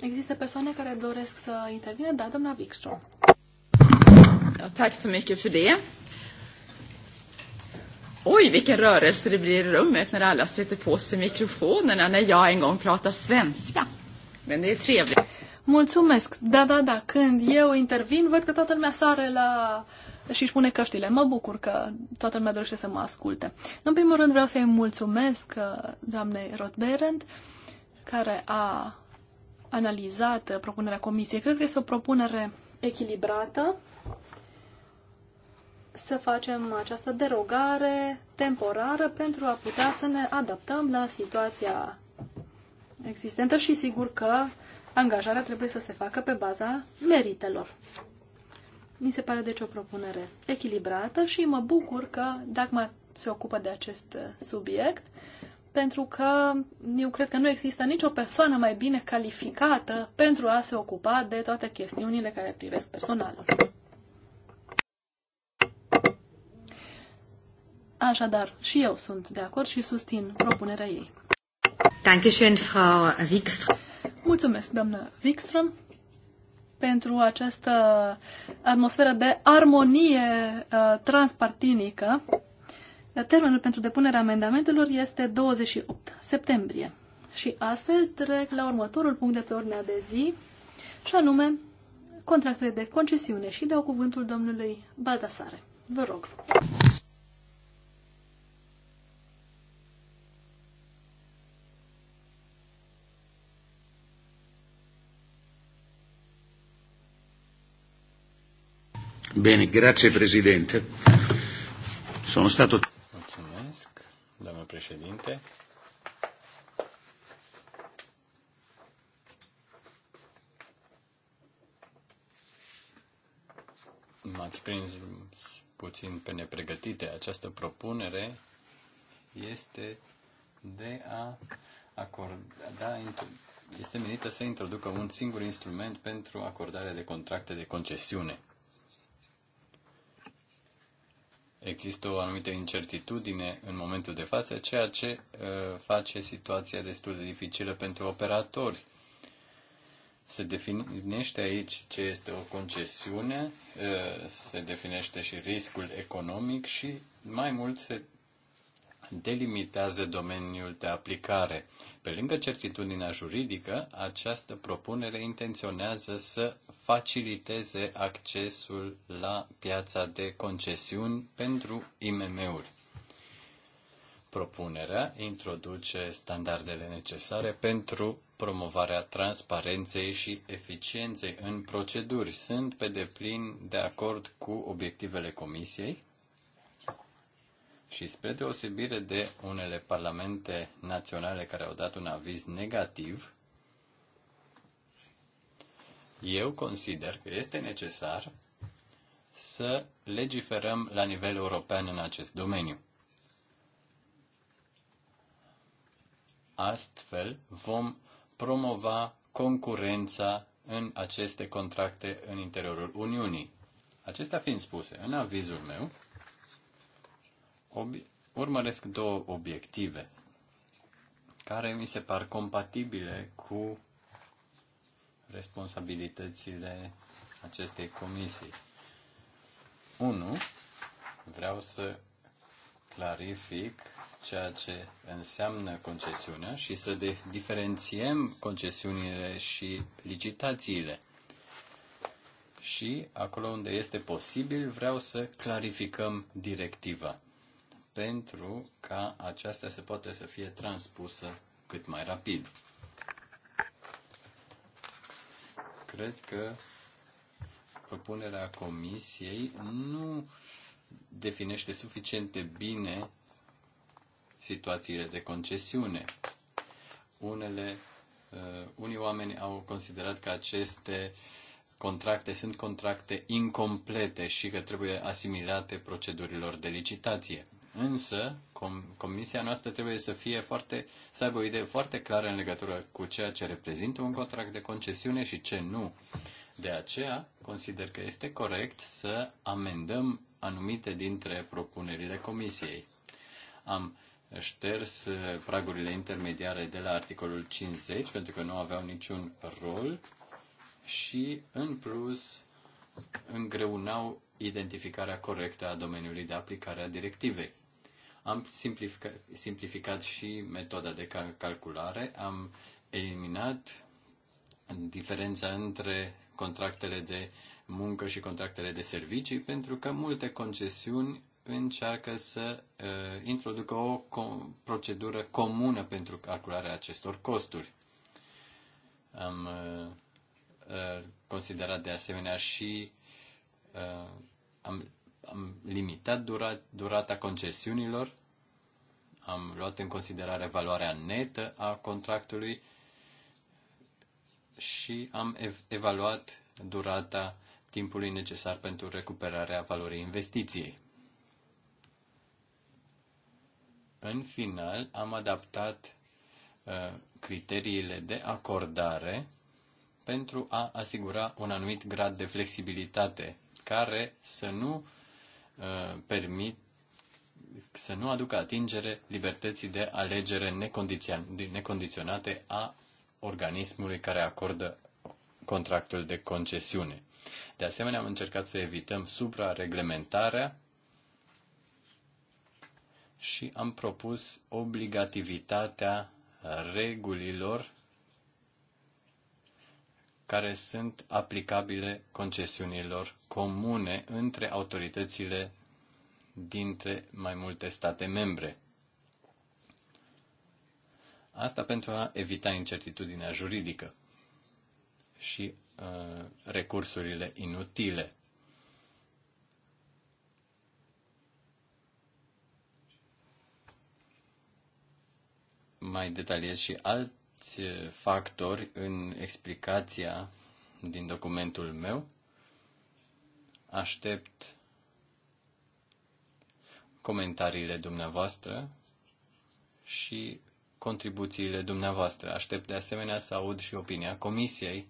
Există persoane care doresc să intervine? Da, doamna Wikström. Ja, tack så mycket för det. Oj, vilken rörelse det blir i rummet när alla sätter på sig mikrofonerna när jag en gång pratar svenska. Men det är trevligt. Mulțumesc! Da, da, da, când eu intervin, văd că toată lumea sare la uh, și își pune căștile. Mă bucur că toată lumea dorește să mă asculte. În primul rând vreau să-i mulțumesc uh, doamnei Rothberend, care a analizat uh, propunerea comisiei. Cred că este o propunere echilibrată să facem această derogare temporară pentru a putea să ne adaptăm la situația existentă și sigur că angajarea trebuie să se facă pe baza meritelor. Mi se pare deci o propunere echilibrată și mă bucur că Dagmar se ocupă de acest subiect, pentru că eu cred că nu există nicio persoană mai bine calificată pentru a se ocupa de toate chestiunile care privesc personalul. Așadar, și eu sunt de acord și susțin propunerea ei. schön, Frau Wikström. Mulțumesc, doamnă Wikström pentru această atmosferă de armonie uh, transpartinică. Termenul pentru depunerea amendamentelor este 28 septembrie. Și astfel trec la următorul punct de pe ordinea de zi, și anume contractele de concesiune și dau cuvântul domnului Baldasare. Vă rog. Bine, grație, președinte. Sono stato... Mulțumesc, doamnă președinte. M-ați prins puțin pe nepregătite. Această propunere este de a acorda, este menită să introducă un singur instrument pentru acordarea de contracte de concesiune. există o anumită incertitudine în momentul de față, ceea ce uh, face situația destul de dificilă pentru operatori. Se definește aici ce este o concesiune, uh, se definește și riscul economic și mai mult se delimitează domeniul de aplicare. Pe lângă certitudinea juridică, această propunere intenționează să faciliteze accesul la piața de concesiuni pentru IMM-uri. Propunerea introduce standardele necesare pentru promovarea transparenței și eficienței în proceduri. Sunt pe deplin de acord cu obiectivele Comisiei și spre deosebire de unele parlamente naționale care au dat un aviz negativ, eu consider că este necesar să legiferăm la nivel european în acest domeniu. Astfel vom promova concurența în aceste contracte în interiorul Uniunii. Acestea fiind spuse, în avizul meu, urmăresc două obiective care mi se par compatibile cu responsabilitățile acestei comisii. 1. Vreau să clarific ceea ce înseamnă concesiunea și să de- diferențiem concesiunile și licitațiile. Și acolo unde este posibil, vreau să clarificăm directiva pentru ca aceasta să poată să fie transpusă cât mai rapid. Cred că propunerea Comisiei nu definește suficient de bine situațiile de concesiune. Unele, uh, unii oameni au considerat că aceste contracte sunt contracte incomplete și că trebuie asimilate procedurilor de licitație. Însă, com- comisia noastră trebuie să fie foarte, să aibă o idee foarte clară în legătură cu ceea ce reprezintă un contract de concesiune și ce nu. De aceea, consider că este corect să amendăm anumite dintre propunerile comisiei. Am șters uh, pragurile intermediare de la articolul 50 pentru că nu aveau niciun rol și, în plus, îngreunau identificarea corectă a domeniului de aplicare a directivei am simplificat, simplificat și metoda de calculare, am eliminat diferența între contractele de muncă și contractele de servicii, pentru că multe concesiuni încearcă să uh, introducă o com- procedură comună pentru calcularea acestor costuri. Am uh, uh, considerat de asemenea și uh, am am limitat dura, durata concesiunilor, am luat în considerare valoarea netă a contractului și am ev- evaluat durata timpului necesar pentru recuperarea valorii investiției. În final, am adaptat uh, criteriile de acordare pentru a asigura un anumit grad de flexibilitate care să nu uh, Uh, permit să nu aducă atingere libertății de alegere necondiționate a organismului care acordă contractul de concesiune. De asemenea, am încercat să evităm suprareglementarea și am propus obligativitatea regulilor care sunt aplicabile concesiunilor comune între autoritățile dintre mai multe state membre. Asta pentru a evita incertitudinea juridică și uh, recursurile inutile. Mai detaliez și alt alți eh, factori în explicația din documentul meu. Aștept comentariile dumneavoastră și contribuțiile dumneavoastră. Aștept de asemenea să aud și opinia Comisiei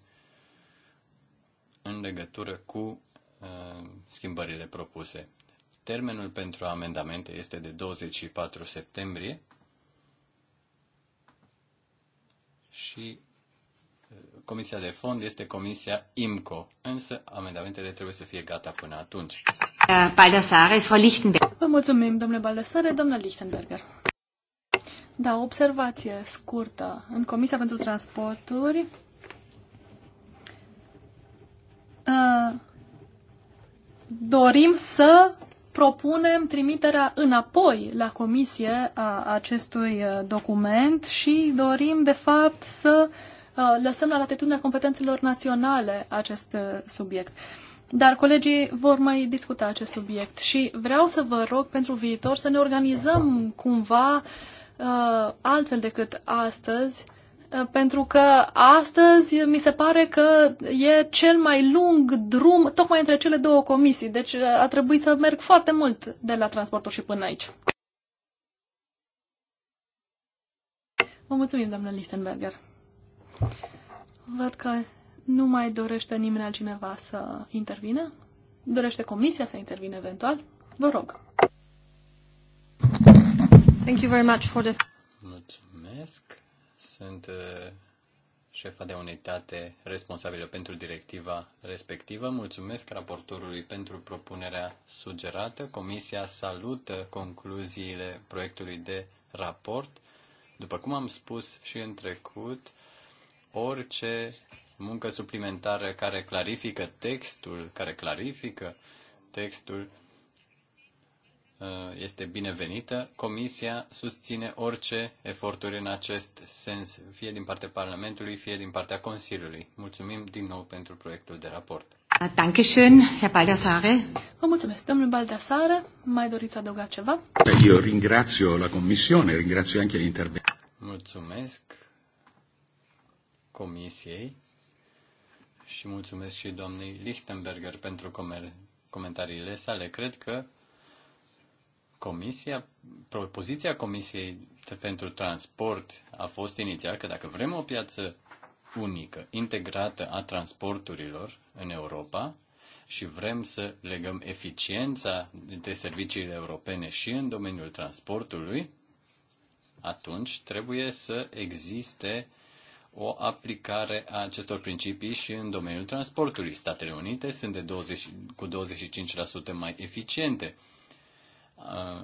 în legătură cu uh, schimbările propuse. Termenul pentru amendamente este de 24 septembrie și uh, comisia de fond este comisia IMCO, însă amendamentele trebuie să fie gata până atunci. Baldassare, Frau Lichtenberg. Vă mulțumim, domnule Baldassare, domnule Lichtenberger. Da, o observație scurtă. În Comisia pentru Transporturi uh, dorim să propunem trimiterea înapoi la comisie a acestui uh, document și dorim, de fapt, să uh, lăsăm la latitudinea competențelor naționale acest uh, subiect. Dar colegii vor mai discuta acest subiect și vreau să vă rog pentru viitor să ne organizăm cumva altfel decât astăzi Eh, pentru că astăzi mi se pare că e cel mai lung drum tocmai între cele două comisii, deci eh, a trebuit să merg foarte mult de la transportul și până aici. Vă mulțumim, doamnă Lichtenberger. Văd că nu mai dorește nimeni altcineva să intervină. Dorește comisia să intervină eventual? Vă rog. Thank you very much for the... Mulțumesc sunt uh, șefa de unitate responsabilă pentru directiva respectivă. Mulțumesc raportorului pentru propunerea sugerată. Comisia salută concluziile proiectului de raport. După cum am spus și în trecut, orice muncă suplimentară care clarifică textul, care clarifică textul, Uh, este binevenită. Comisia susține orice eforturi în acest sens, fie din partea Parlamentului, fie din partea Consiliului. Mulțumim din nou pentru proiectul de raport. Ah, schön, Herr Baldassare. Vă mulțumesc, domnul Baldassare. Mai doriți adăuga ceva? Eu ringrazio la Comisione, ringrazio anche gli interventi. Mulțumesc Comisiei și mulțumesc și doamnei Lichtenberger pentru comentariile sale. Cred că Comisia, propoziția Comisiei pentru Transport a fost inițial că dacă vrem o piață unică, integrată a transporturilor în Europa și vrem să legăm eficiența de serviciile europene și în domeniul transportului, atunci trebuie să existe o aplicare a acestor principii și în domeniul transportului. Statele Unite sunt de 20, cu 25% mai eficiente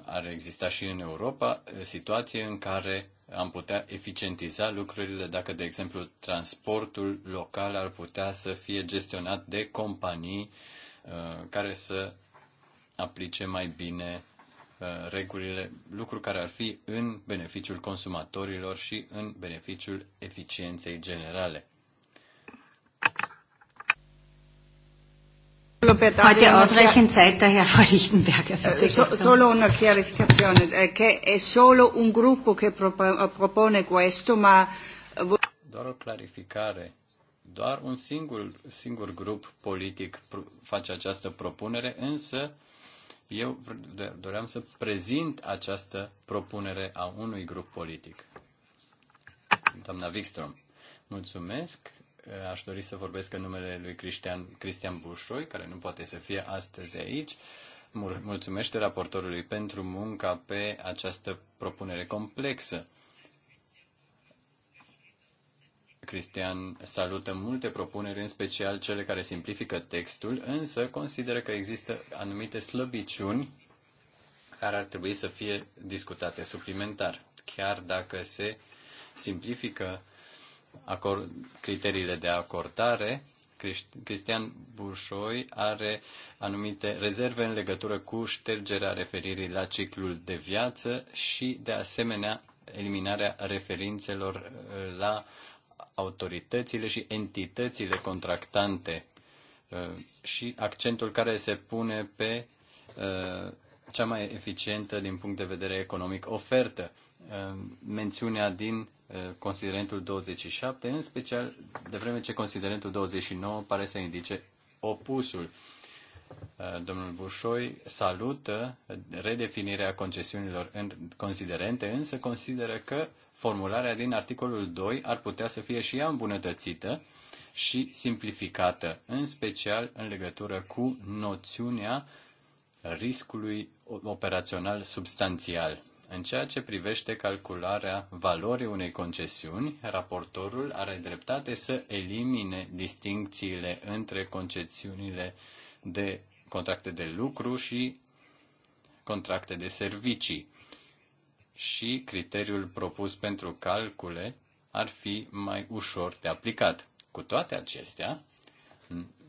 ar exista și în Europa situație în care am putea eficientiza lucrurile dacă, de exemplu, transportul local ar putea să fie gestionat de companii care să aplice mai bine regulile, lucru care ar fi în beneficiul consumatorilor și în beneficiul eficienței generale. Heute ausreichend Zeit, daher Frau Lichtenberger. Eh, so, solo una chiarificazione, eh, che è solo un gruppo che eh, propone questo, ma... Doar o clarificare. Doar un singur, singur grup politic face această propunere, însă eu doream să prezint această propunere a unui grup politic. Doamna Wikström, mulțumesc. Eh, aș dori să vorbesc în numele lui Cristian, Cristian Bușoi, care nu poate să fie astăzi aici. Mulțumește raportorului pentru munca pe această propunere complexă. Cristian salută multe propuneri, în special cele care simplifică textul, însă consideră că există anumite slăbiciuni care ar trebui să fie discutate suplimentar, chiar dacă se simplifică acord, criteriile de acordare, Cristian Bușoi are anumite rezerve în legătură cu ștergerea referirii la ciclul de viață și, de asemenea, eliminarea referințelor uh, la autoritățile și entitățile contractante uh, și accentul care se pune pe uh, cea mai eficientă din punct de vedere economic ofertă. Mențiunea din considerentul 27, în special de vreme ce considerentul 29 pare să indice opusul. Uh, domnul Bușoi salută redefinirea concesiunilor în considerente, însă consideră că formularea din articolul 2 ar putea să fie și ea îmbunătățită și simplificată, în special în legătură cu noțiunea riscului operațional substanțial. În ceea ce privește calcularea valorii unei concesiuni, raportorul are dreptate să elimine distincțiile între concesiunile de contracte de lucru și contracte de servicii. Și criteriul propus pentru calcule ar fi mai ușor de aplicat. Cu toate acestea,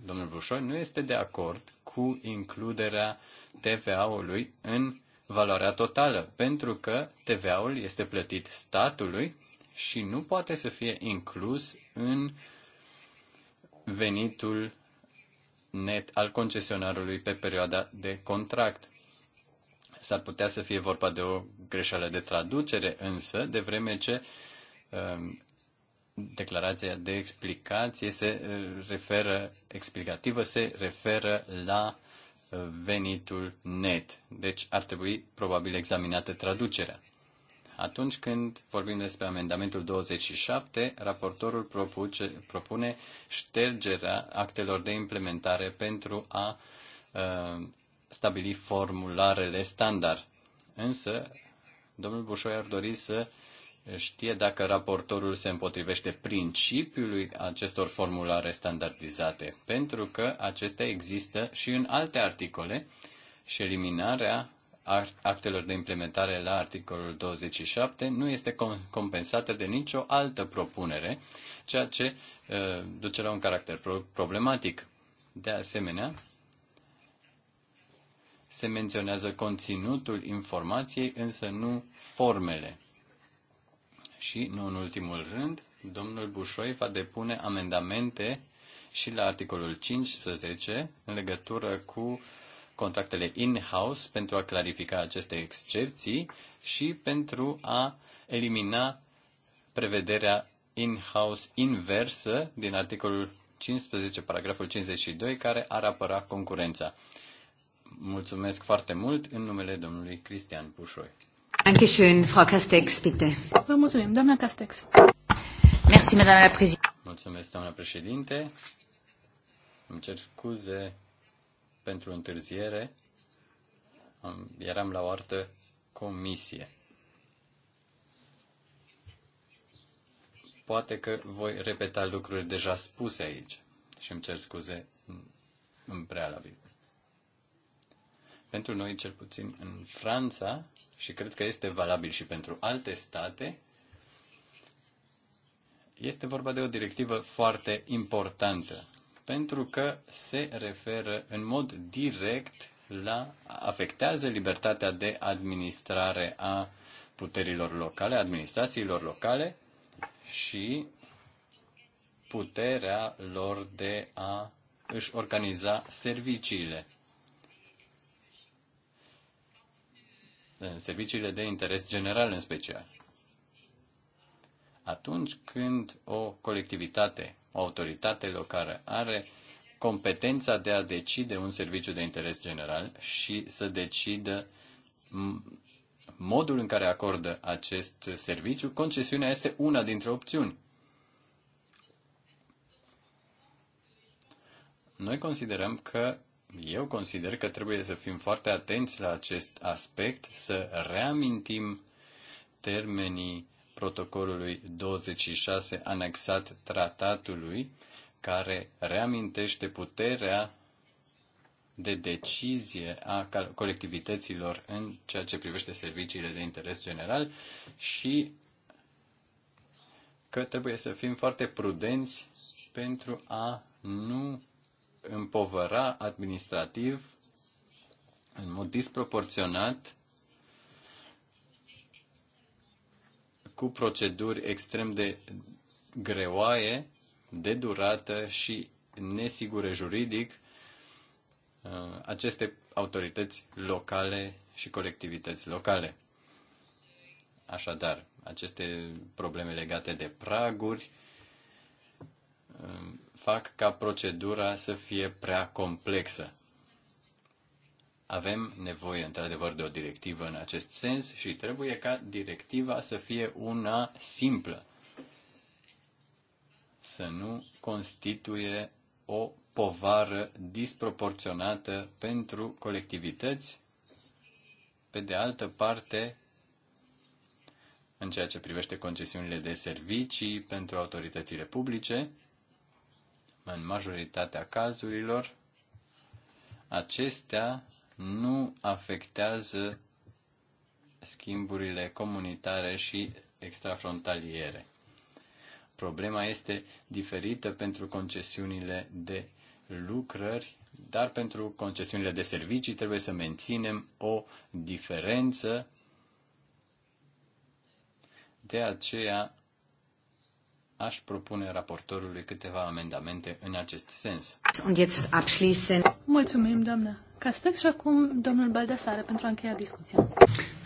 domnul Bușoi nu este de acord cu includerea TVA-ului în valoarea totală, pentru că TVA-ul este plătit statului și nu poate să fie inclus în venitul net al concesionarului pe perioada de contract. S-ar putea să fie vorba de o greșeală de traducere, însă, de vreme ce um, declarația de explicație se uh, referă, explicativă se referă la venitul net. Deci ar trebui probabil examinată traducerea. Atunci când vorbim despre amendamentul 27, raportorul propuce, propune ștergerea actelor de implementare pentru a uh, stabili formularele standard. Însă, domnul Bușoi ar dori să uh, știe dacă raportorul se împotrivește principiului acestor formulare standardizate, pentru că acestea există și în alte articole și eliminarea actelor de implementare la articolul 27 nu este compensată de nicio altă propunere, ceea ce uh, duce la un caracter problematic. De asemenea, se menționează conținutul informației, însă nu formele. Și, nu în ultimul rând, domnul Bușoi va depune amendamente și la articolul 15 în legătură cu contractele in-house pentru a clarifica aceste excepții și pentru a elimina prevederea in-house inversă din articolul 15, paragraful 52, care ar apăra concurența. Mulțumesc foarte mult în numele domnului Cristian Pușoi. Dankeschön, Frau Castex, bitte. Vă mulțumim, doamna Castex. Merci, madame la președinte. Mulțumesc, doamna președinte. Îmi cer scuze pentru întârziere. Am, eram la o altă comisie. Poate că voi repeta lucruri deja spuse aici și îmi cer scuze în prealabil. Pentru noi, cel puțin în Franța, și cred că este valabil și pentru alte state, este vorba de o directivă foarte importantă, pentru că se referă în mod direct la, afectează libertatea de administrare a puterilor locale, administrațiilor locale și puterea lor de a își organiza serviciile. în serviciile de interes general în special. Atunci când o colectivitate, o autoritate locală are competența de a decide un serviciu de interes general și să decidă modul în care acordă acest serviciu, concesiunea este una dintre opțiuni. Noi considerăm că eu consider că trebuie să fim foarte atenți la acest aspect, să reamintim termenii protocolului 26 anexat tratatului, care reamintește puterea de decizie a colectivităților în ceea ce privește serviciile de interes general și că trebuie să fim foarte prudenți pentru a nu împovăra administrativ în mod disproporționat cu proceduri extrem de greoaie, de durată și nesigure juridic uh, aceste autorități locale și colectivități locale. Așadar, aceste probleme legate de praguri uh, fac ca procedura să fie prea complexă. Avem nevoie, într-adevăr, de o directivă în acest sens și trebuie ca directiva să fie una simplă, să nu constituie o povară disproporționată pentru colectivități. Pe de altă parte, în ceea ce privește concesiunile de servicii pentru autoritățile publice, în majoritatea cazurilor, acestea nu afectează schimburile comunitare și extrafrontaliere. Problema este diferită pentru concesiunile de lucrări, dar pentru concesiunile de servicii trebuie să menținem o diferență. De aceea aș propune raportorului câteva amendamente în acest sens. Mulțumim, doamnă Castex, și acum domnul Baldasare pentru a încheia discuția.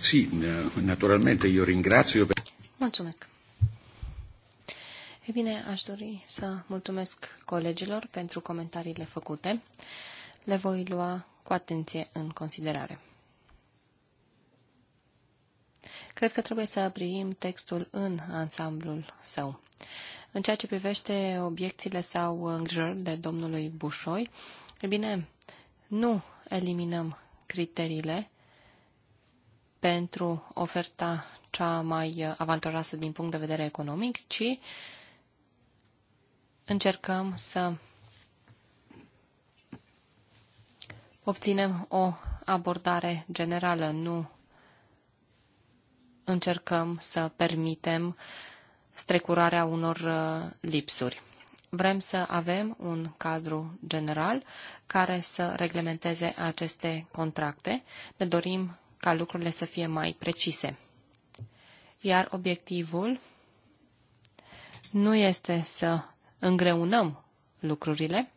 Si, naturalmente, eu ringrazio. Mulțumesc. E bine, aș dori să mulțumesc colegilor pentru comentariile făcute. Le voi lua cu atenție în considerare. Cred că trebuie să privim textul în ansamblul său. În ceea ce privește obiecțiile sau îngrijorările domnului Bușoi, e bine, nu eliminăm criteriile pentru oferta cea mai avantajoasă din punct de vedere economic, ci încercăm să obținem o abordare generală, nu încercăm să permitem strecurarea unor uh, lipsuri. Vrem să avem un cadru general care să reglementeze aceste contracte. Ne dorim ca lucrurile să fie mai precise. Iar obiectivul nu este să îngreunăm lucrurile,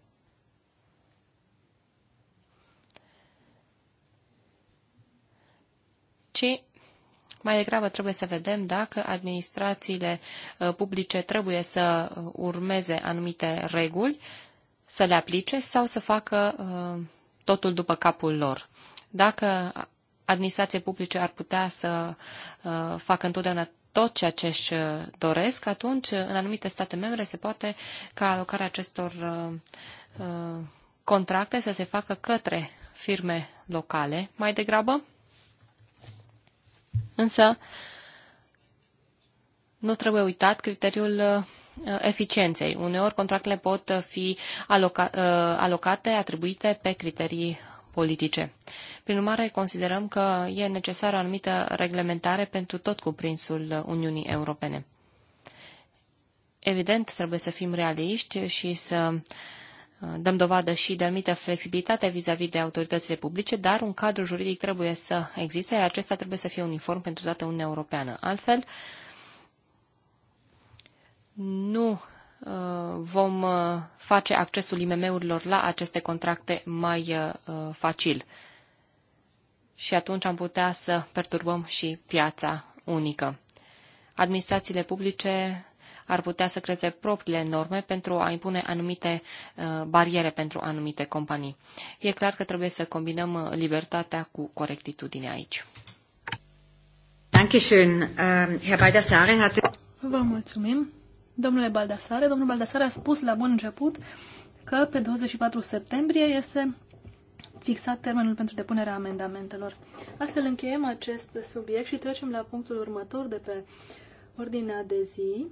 ci mai degrabă trebuie să vedem dacă administrațiile uh, publice trebuie să uh, urmeze anumite reguli, să le aplice sau să facă uh, totul după capul lor. Dacă administrații publice ar putea să facă întotdeauna tot ceea ce își doresc, atunci în anumite state membre se poate ca alocarea acestor contracte să se facă către firme locale mai degrabă Însă, nu trebuie uitat criteriul uh, eficienței. Uneori contractele pot uh, fi aloca, uh, alocate, atribuite pe criterii politice. Prin urmare, considerăm că e necesară o anumită reglementare pentru tot cuprinsul Uniunii Europene. Evident, trebuie să fim realiști și să dăm dovadă și de anumită flexibilitate vis-a-vis de autoritățile publice, dar un cadru juridic trebuie să existe, iar acesta trebuie să fie uniform pentru toată Uniunea Europeană. Altfel, nu uh, vom uh, face accesul IMM-urilor la aceste contracte mai uh, facil. Și atunci am putea să perturbăm și piața unică. Administrațiile publice ar putea să creeze propriile norme pentru a impune anumite uh, bariere pentru anumite companii. E clar că trebuie să combinăm uh, libertatea cu corectitudine aici. Dankeschön. Uh, Herr Baldassare hatte... Vă mulțumim. Domnule Baldassare, domnul Baldassare a spus la bun început că pe 24 septembrie este fixat termenul pentru depunerea amendamentelor. Astfel încheiem acest subiect și trecem la punctul următor de pe ordinea de zi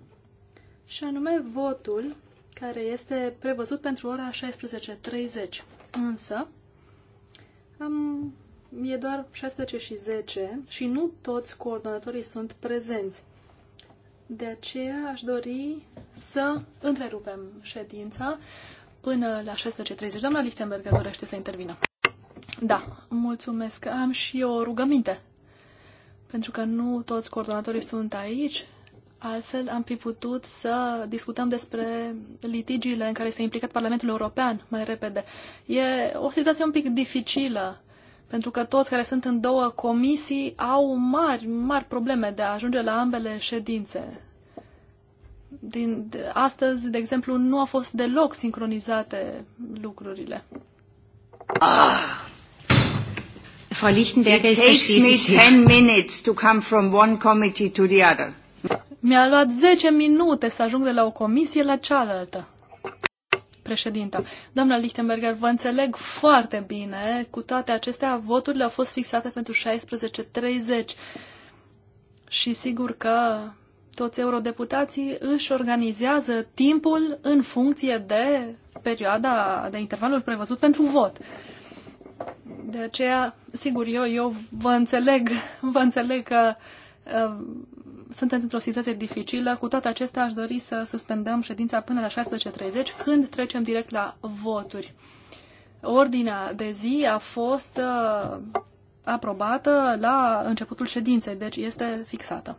și anume votul care este prevăzut pentru ora 16.30. Însă, am, e doar 16 și 10 și nu toți coordonatorii sunt prezenți. De aceea aș dori să întrerupem ședința până la 16.30. Doamna Lichtenberger dorește să intervină. Da, mulțumesc. Am și eu o rugăminte. Pentru că nu toți coordonatorii sunt aici Altfel am fi putut să discutăm despre litigiile în care este implicat Parlamentul European mai repede. E o situație un pic dificilă, pentru că toți care sunt în două comisii au mari, mari probleme de a ajunge la ambele ședințe. Din, de, astăzi, de exemplu, nu au fost deloc sincronizate lucrurile. Ah! Frau Lichtenberger, it takes me 10 minutes to come from one committee to the other. Mi-a luat 10 minute să ajung de la o comisie la cealaltă. Președinta, doamna Lichtenberger, vă înțeleg foarte bine. Cu toate acestea, voturile au fost fixate pentru 16.30 și sigur că toți eurodeputații își organizează timpul în funcție de perioada, de intervalul prevăzut pentru vot. De aceea, sigur, eu, eu vă înțeleg, vă înțeleg că uh, sunteți într-o situație dificilă. Cu toate acestea, aș dori să suspendăm ședința până la 16.30, când trecem direct la voturi. Ordinea de zi a fost uh, aprobată la începutul ședinței, deci este fixată.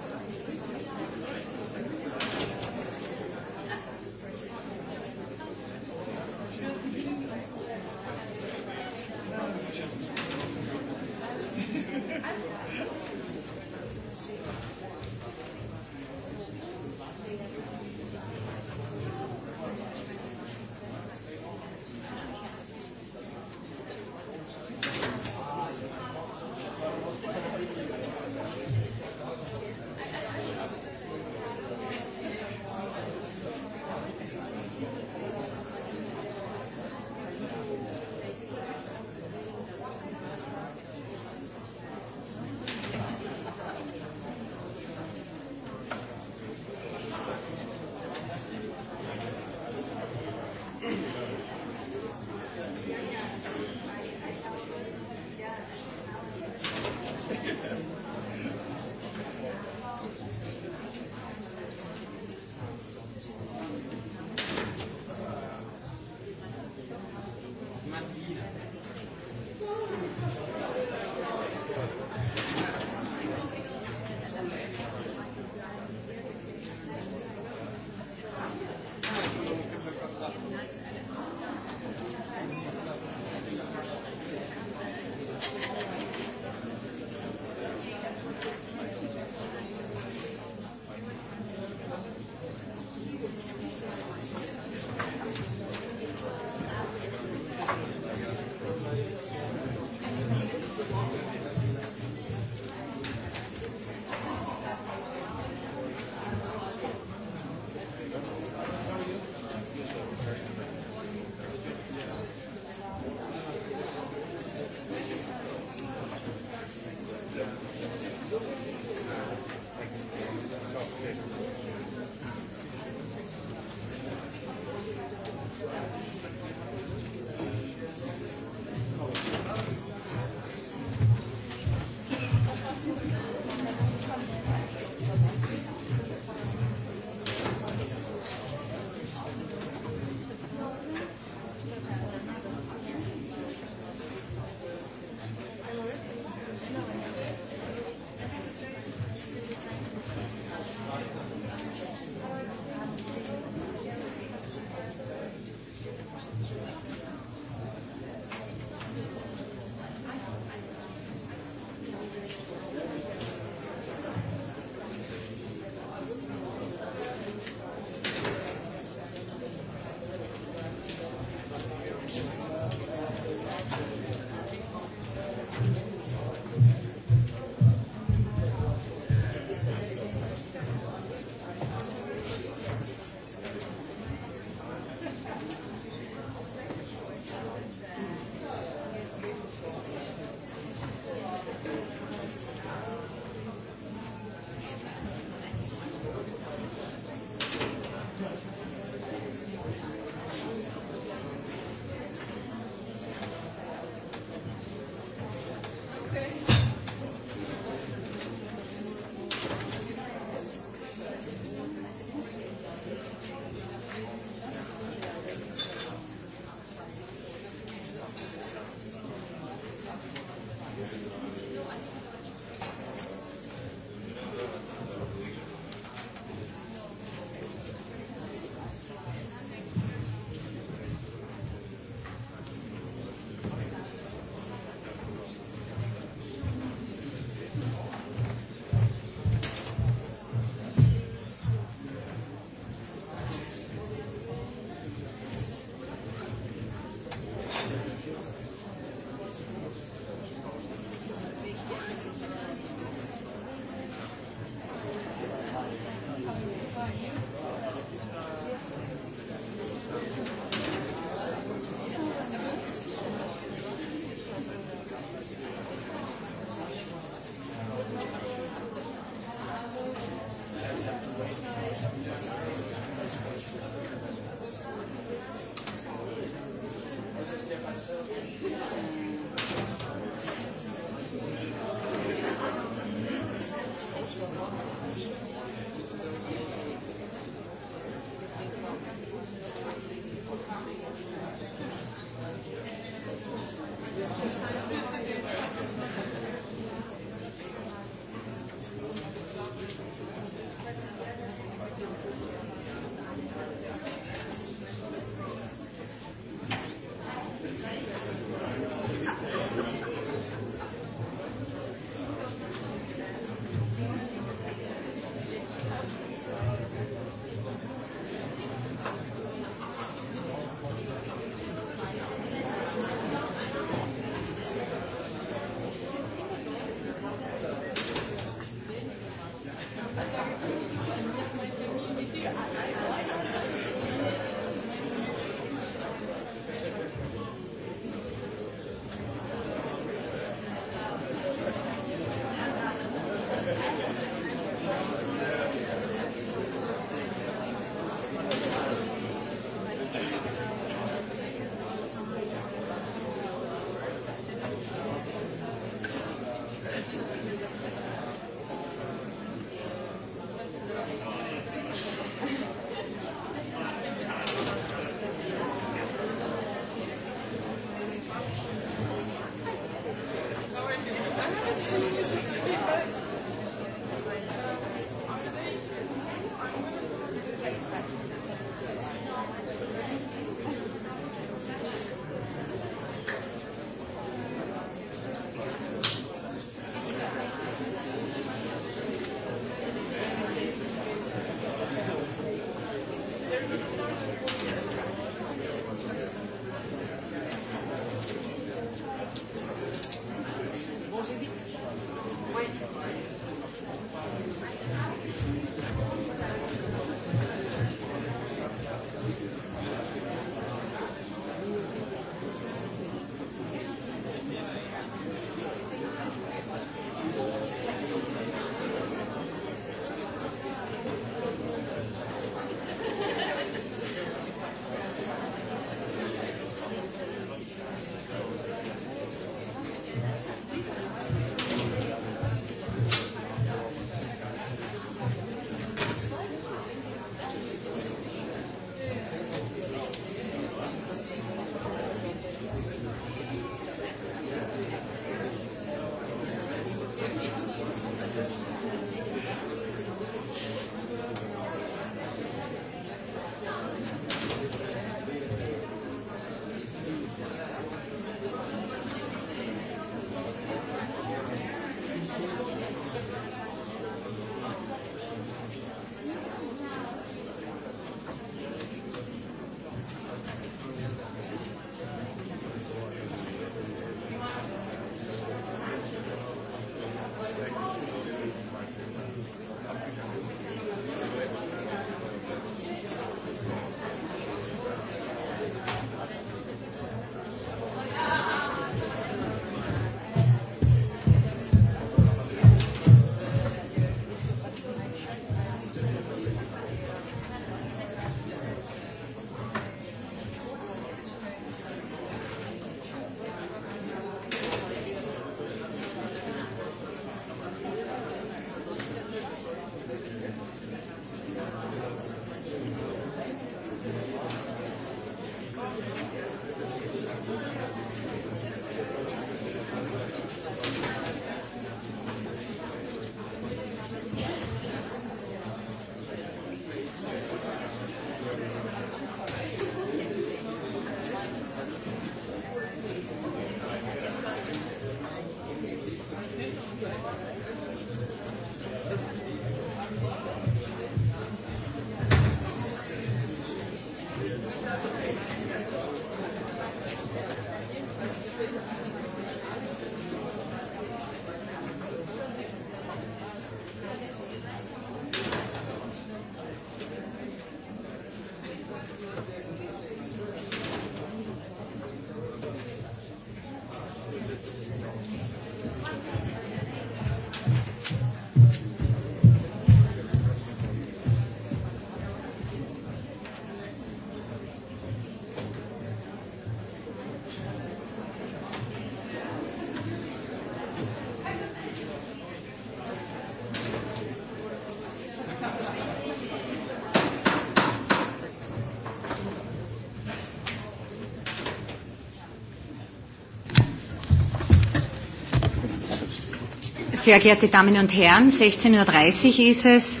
Sehr geehrte Damen und Herren, 16.30 Uhr ist es.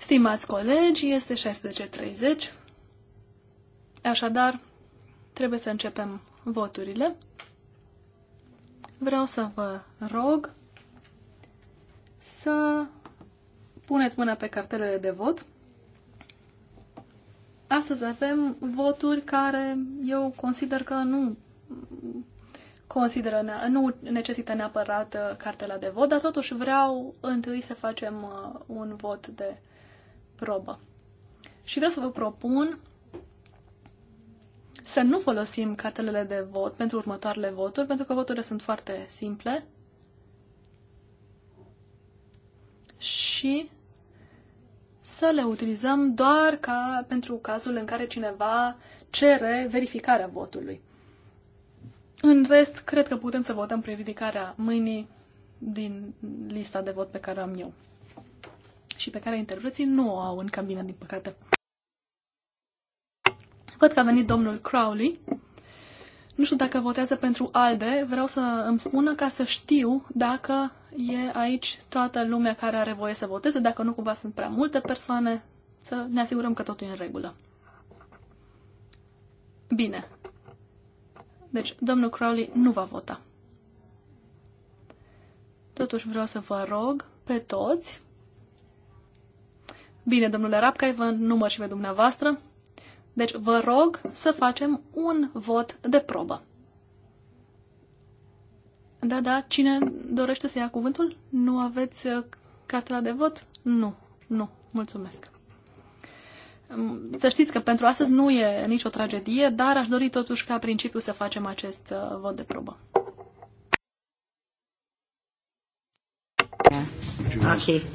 Stimați colegi, este 16.30. Așadar, trebuie să începem voturile. Vreau să vă rog să puneți mâna pe cartelele de vot. Astăzi avem voturi care eu consider că nu consideră, nu necesită neapărat uh, cartela de vot, dar totuși vreau întâi să facem uh, un vot de probă. Și vreau să vă propun să nu folosim cartelele de vot pentru următoarele voturi, pentru că voturile sunt foarte simple. Și să le utilizăm doar ca pentru cazul în care cineva cere verificarea votului. În rest, cred că putem să votăm prin ridicarea mâinii din lista de vot pe care o am eu și pe care interpreții nu o au în cabină, din păcate. Văd că a venit domnul Crowley. Nu știu dacă votează pentru ALDE, vreau să îmi spună ca să știu dacă e aici toată lumea care are voie să voteze, dacă nu cumva sunt prea multe persoane, să ne asigurăm că totul e în regulă. Bine, deci, domnul Crowley nu va vota. Totuși vreau să vă rog pe toți. Bine, domnule Rapcai, vă număr și pe dumneavoastră. Deci vă rog să facem un vot de probă. Da, da, cine dorește să ia cuvântul? Nu aveți uh, cartela de vot? Nu, nu, mulțumesc. Să știți că pentru astăzi nu e nicio tragedie, dar aș dori totuși ca principiu să facem acest uh, vot de probă. Okay.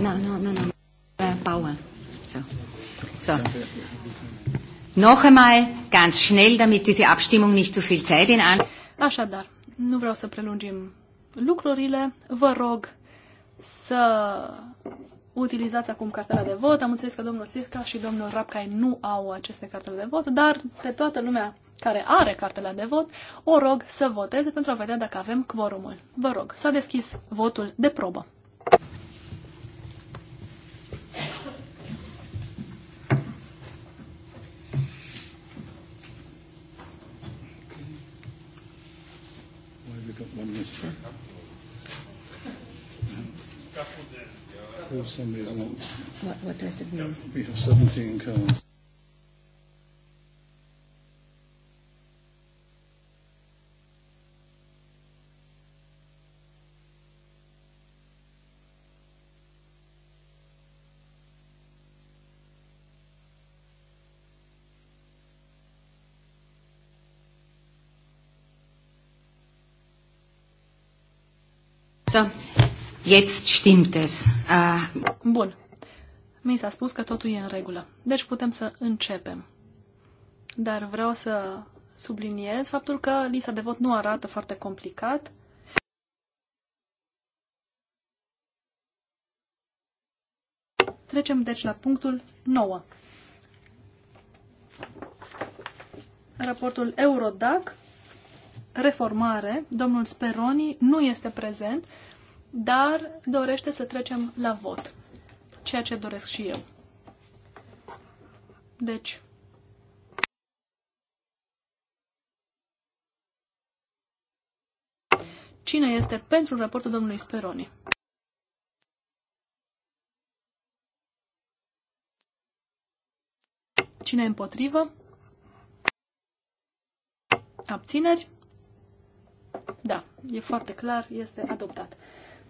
No, Nu, nu, no. Uh, Bauer. So. So. Noch einmal ganz schnell, damit diese Abstimmung nicht zu viel Zeit in an. Așadar, nu vreau să prelungim lucrurile. Vă rog să utilizați acum cartela de vot. Am înțeles că domnul Sirca și domnul Rapcai nu au aceste cartele de vot, dar pe toată lumea care are cartela de vot, o rog să voteze pentru a vedea dacă avem quorumul. Vă rog, s-a deschis votul de probă. Capul de For some reason. What, what does it mean? We have 17 cards. So. Jetzt stimmt es. Uh... Bun. Mi s-a spus că totul e în regulă. Deci putem să începem. Dar vreau să subliniez faptul că lista de vot nu arată foarte complicat. Trecem deci la punctul 9. Raportul Eurodac, reformare, domnul Speroni nu este prezent, dar dorește să trecem la vot, ceea ce doresc și eu. Deci, cine este pentru raportul domnului Speroni? Cine e împotrivă? Abțineri? Da, e foarte clar, este adoptat.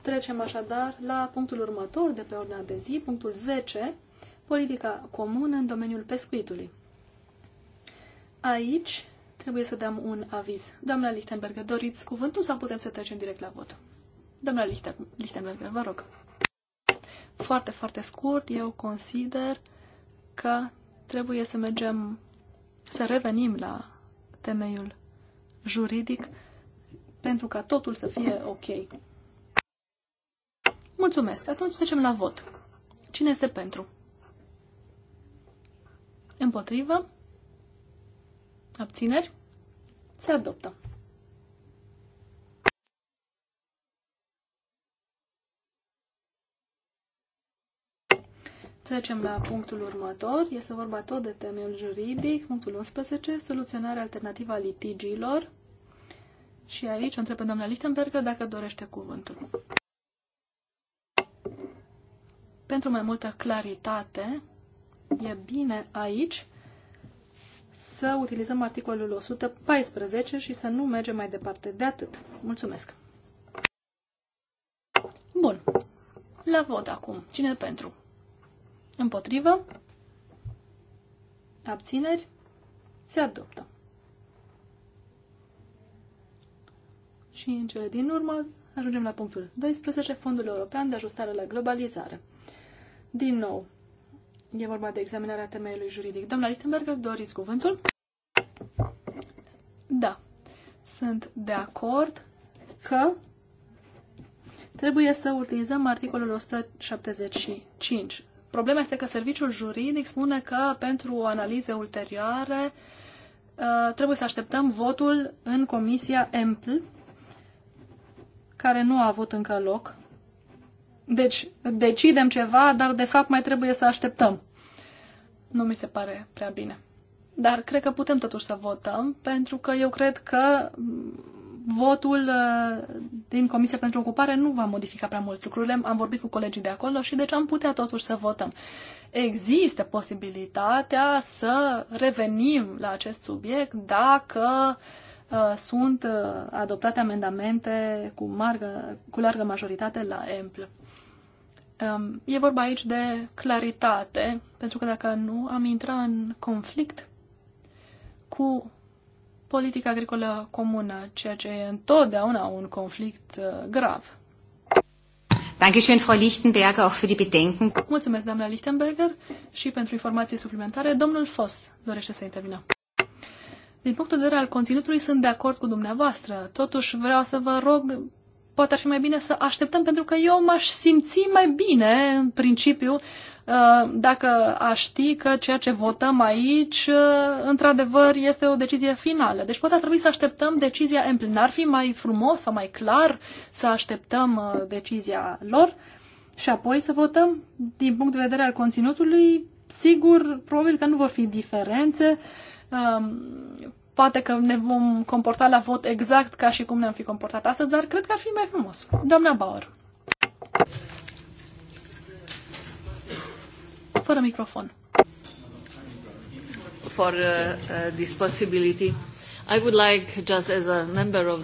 Trecem așadar la punctul următor de pe ordinea de zi, punctul 10, politica comună în domeniul pescuitului. Aici trebuie să dăm un aviz. Doamna Lichtenberger, doriți cuvântul sau putem să trecem direct la vot? Doamna Lichtenberger, vă rog. Foarte, foarte scurt, eu consider că trebuie să mergem, să revenim la temeiul juridic pentru ca totul să fie ok. Mulțumesc. Atunci trecem la vot. Cine este pentru? Împotrivă? Abțineri? Se adoptă. Trecem la punctul următor. Este vorba tot de temeiul juridic, punctul 11, soluționarea alternativă a litigiilor. Și aici o întreb pe doamna Lichtenberger dacă dorește cuvântul pentru mai multă claritate, e bine aici să utilizăm articolul 114 și să nu mergem mai departe de atât. Mulțumesc! Bun. La vot acum. Cine pentru? Împotrivă? Abțineri? Se adoptă. Și în cele din urmă ajungem la punctul 12, Fondul European de Ajustare la Globalizare. Din nou, e vorba de examinarea temeiului juridic. Doamna Lichtenberger, doriți cuvântul? Da. Sunt de acord că trebuie să utilizăm articolul 175. Problema este că serviciul juridic spune că pentru analize ulterioare uh, trebuie să așteptăm votul în Comisia EMPL, care nu a avut încă loc deci, decidem ceva, dar de fapt mai trebuie să așteptăm. Nu mi se pare prea bine. Dar cred că putem totuși să votăm, pentru că eu cred că mm, votul uh, din Comisia pentru Ocupare nu va modifica prea mult lucrurile. Am vorbit cu colegii de acolo și deci am putea totuși să votăm. Există posibilitatea să revenim la acest subiect dacă uh, sunt uh, adoptate amendamente cu, margă, cu largă majoritate la EMPL. Ehm, e vorba aici de claritate, pentru că dacă nu, am intrat în conflict cu politica agricolă comună, ceea ce e întotdeauna un conflict eh, grav. Dankeschön, Frau Lichtenberger, auch für die Bedenken. Mulțumesc, doamna Lichtenberger, și pentru informații suplimentare. Domnul Foss dorește să intervină. Din punctul de vedere al conținutului, sunt de acord cu dumneavoastră. Totuși, vreau să vă rog poate ar fi mai bine să așteptăm, pentru că eu m-aș simți mai bine, în principiu, uh, dacă aș ști că ceea ce votăm aici, uh, într-adevăr, este o decizie finală. Deci poate ar trebui să așteptăm decizia în plin. Ar fi mai frumos sau mai clar să așteptăm uh, decizia lor și apoi să votăm. Din punct de vedere al conținutului, sigur, probabil că nu vor fi diferențe um, Poate că ne vom comporta la vot exact ca și cum ne-am fi comportat astăzi, dar cred că ar fi mai frumos. Doamna Bauer. Fără microfon. For uh, uh, this possibility. I would like just as a member of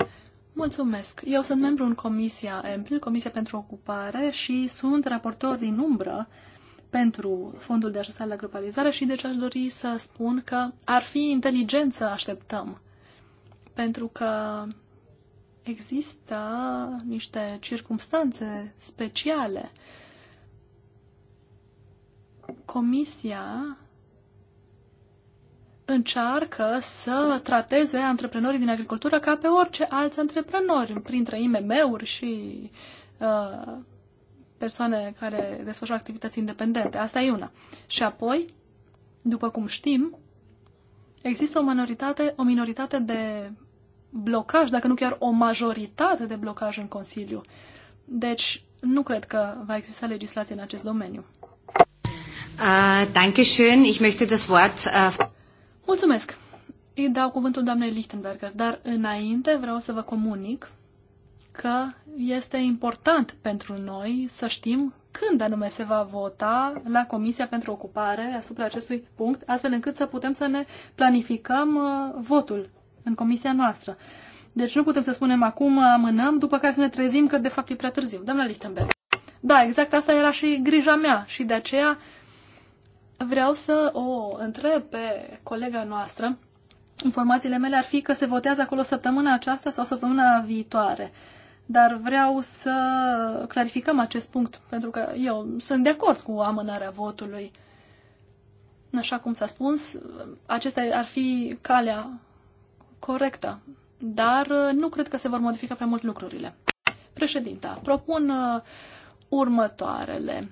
Mulțumesc. Eu sunt membru în Comisia EMPL, Comisia pentru Ocupare, și sunt raportor din umbră uh, pentru fondul de ajustare la globalizare și deci aș dori să spun că ar fi inteligent să așteptăm. Pentru că există niște circumstanțe speciale. Comisia încearcă să trateze antreprenorii din agricultură ca pe orice alți antreprenori, printre IMM-uri și uh, persoane care desfășoară activități independente. Asta e una. Și apoi, după cum știm, există o minoritate, o minoritate de blocaj, dacă nu chiar o majoritate de blocaj în Consiliu. Deci, nu cred că va exista legislație în acest domeniu. Uh, Ich möchte das Wort. Uh... Mulțumesc. Îi dau cuvântul doamnei Lichtenberger, dar înainte vreau să vă comunic că este important pentru noi să știm când anume se va vota la Comisia pentru Ocupare asupra acestui punct, astfel încât să putem să ne planificăm uh, votul în comisia noastră. Deci nu putem să spunem acum amânăm, după care să ne trezim că de fapt e prea târziu. Doamna Lichtenberg. Da, exact asta era și grija mea și de aceea vreau să o întreb pe colega noastră. Informațiile mele ar fi că se votează acolo săptămâna aceasta sau săptămâna viitoare dar vreau să clarificăm acest punct, pentru că eu sunt de acord cu amânarea votului. Așa cum s-a spus, acesta ar fi calea corectă, dar nu cred că se vor modifica prea mult lucrurile. Președinta, propun uh, următoarele.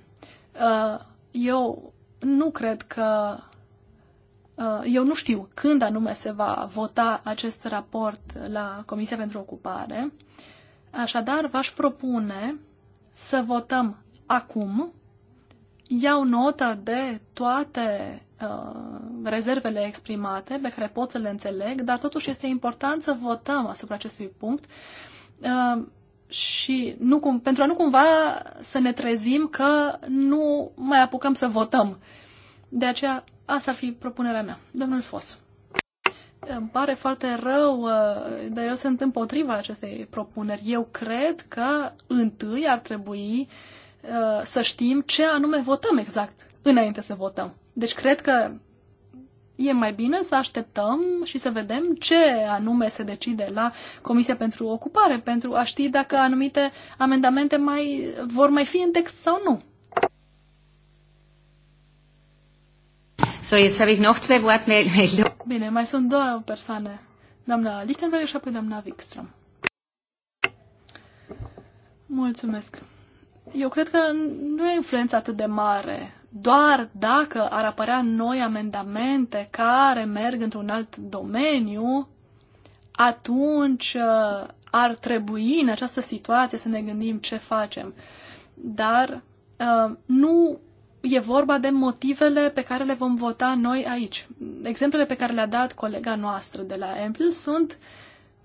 Uh, eu nu cred că uh, eu nu știu când anume se va vota acest raport la Comisia pentru Ocupare. Uh, Așadar, v-aș propune să votăm acum. Iau notă de toate uh, rezervele exprimate pe care pot să le înțeleg, dar totuși este important să votăm asupra acestui punct uh, și nu cum, pentru a nu cumva să ne trezim că nu mai apucăm să votăm. De aceea, asta ar fi propunerea mea. Domnul Fosu. Îmi pare foarte rău, uh, dar eu sunt împotriva acestei propuneri. Eu cred că întâi ar trebui uh, să știm ce anume votăm exact înainte să votăm. Deci cred că e mai bine să așteptăm și să vedem ce anume se decide la Comisia pentru Ocupare, pentru a ști dacă anumite amendamente mai, vor mai fi în text sau nu. So, jetzt habe ich noch zwei Wortmeldungen. Bine, mai sunt două persoane, doamna Lichtenberg și apoi doamna Wikström. Mulțumesc. Eu cred că nu e influența atât de mare. Doar dacă ar apărea noi amendamente care merg într-un alt domeniu, atunci uh, ar trebui în această situație să ne gândim ce facem. Dar uh, nu e vorba de motivele pe care le vom vota noi aici. Exemplele pe care le-a dat colega noastră de la Ample sunt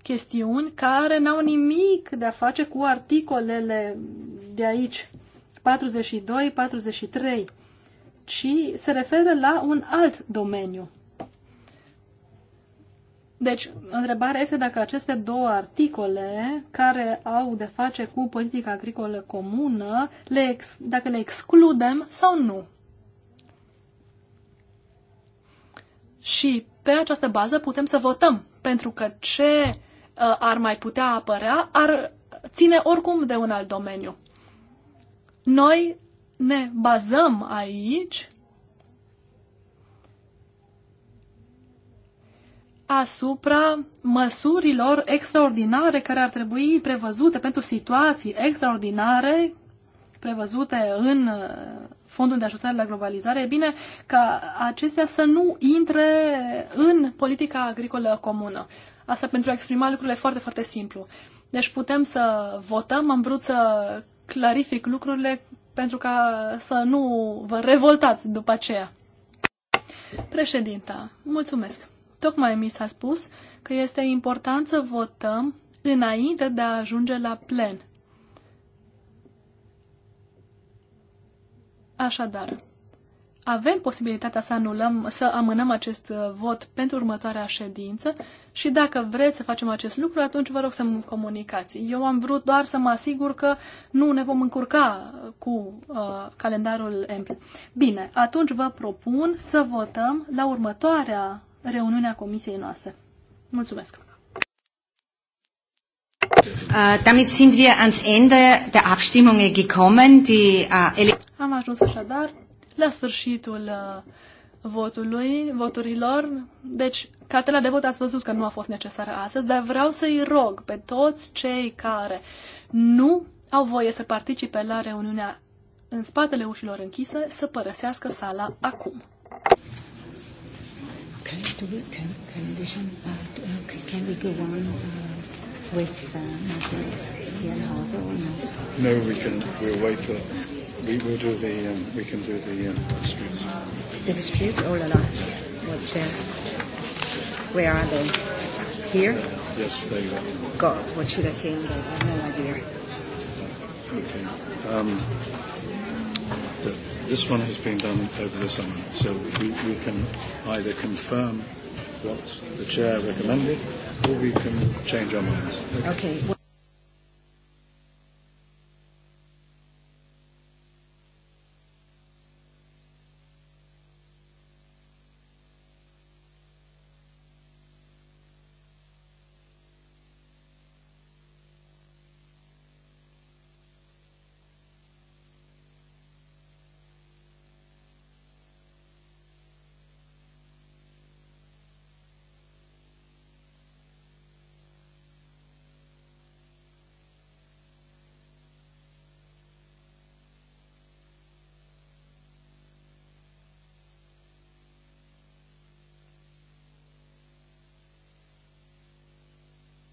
chestiuni care n-au nimic de a face cu articolele de aici 42-43, ci se referă la un alt domeniu. Deci, întrebarea este dacă aceste două articole care au de face cu politica agricolă comună, le ex- dacă le excludem sau nu. Și pe această bază putem să votăm, pentru că ce uh, ar mai putea apărea ar ține oricum de un alt domeniu. Noi ne bazăm aici asupra măsurilor extraordinare care ar trebui prevăzute pentru situații extraordinare prevăzute în uh, Fondul de Ajustare la Globalizare, e bine ca acestea să nu intre în politica agricolă comună. Asta pentru a exprima lucrurile foarte, foarte simplu. Deci putem să votăm, am vrut să clarific lucrurile pentru ca să nu vă revoltați după aceea. Președinta, mulțumesc! Tocmai mi s-a spus că este important să votăm înainte de a ajunge la plen. Așadar, avem posibilitatea să anulăm, să amânăm acest uh, vot pentru următoarea ședință și dacă vreți să facem acest lucru, atunci vă rog să-mi comunicați. Eu am vrut doar să mă asigur că nu ne vom încurca cu uh, calendarul EMPL. Bine, atunci vă propun să votăm la următoarea reuniunea comisiei noastre. Mulțumesc! Äh, damit sind wir ans Ende der gekommen. Die, uh, Am ajuns așadar la sfârșitul uh, votului, voturilor. Deci, cartela de vot ați văzut că nu a fost necesară astăzi, dar vreau să-i rog pe toți cei care nu au voie să participe la reuniunea în spatele ușilor închise să părăsească sala acum can, do we, can, can uh, can we go on uh, with uh, Natalie Jenhauser or not? No, we can. We'll wait for. We will do the. Um, we can do the um, disputes. The disputes? Oh la la! What's there? Where are they? Here? Uh, yes, there you are. God, what should I say I have no idea. Okay. Um, this one has been done over the summer, so we, we can either confirm what the chair recommended or we can change our minds. Okay. okay.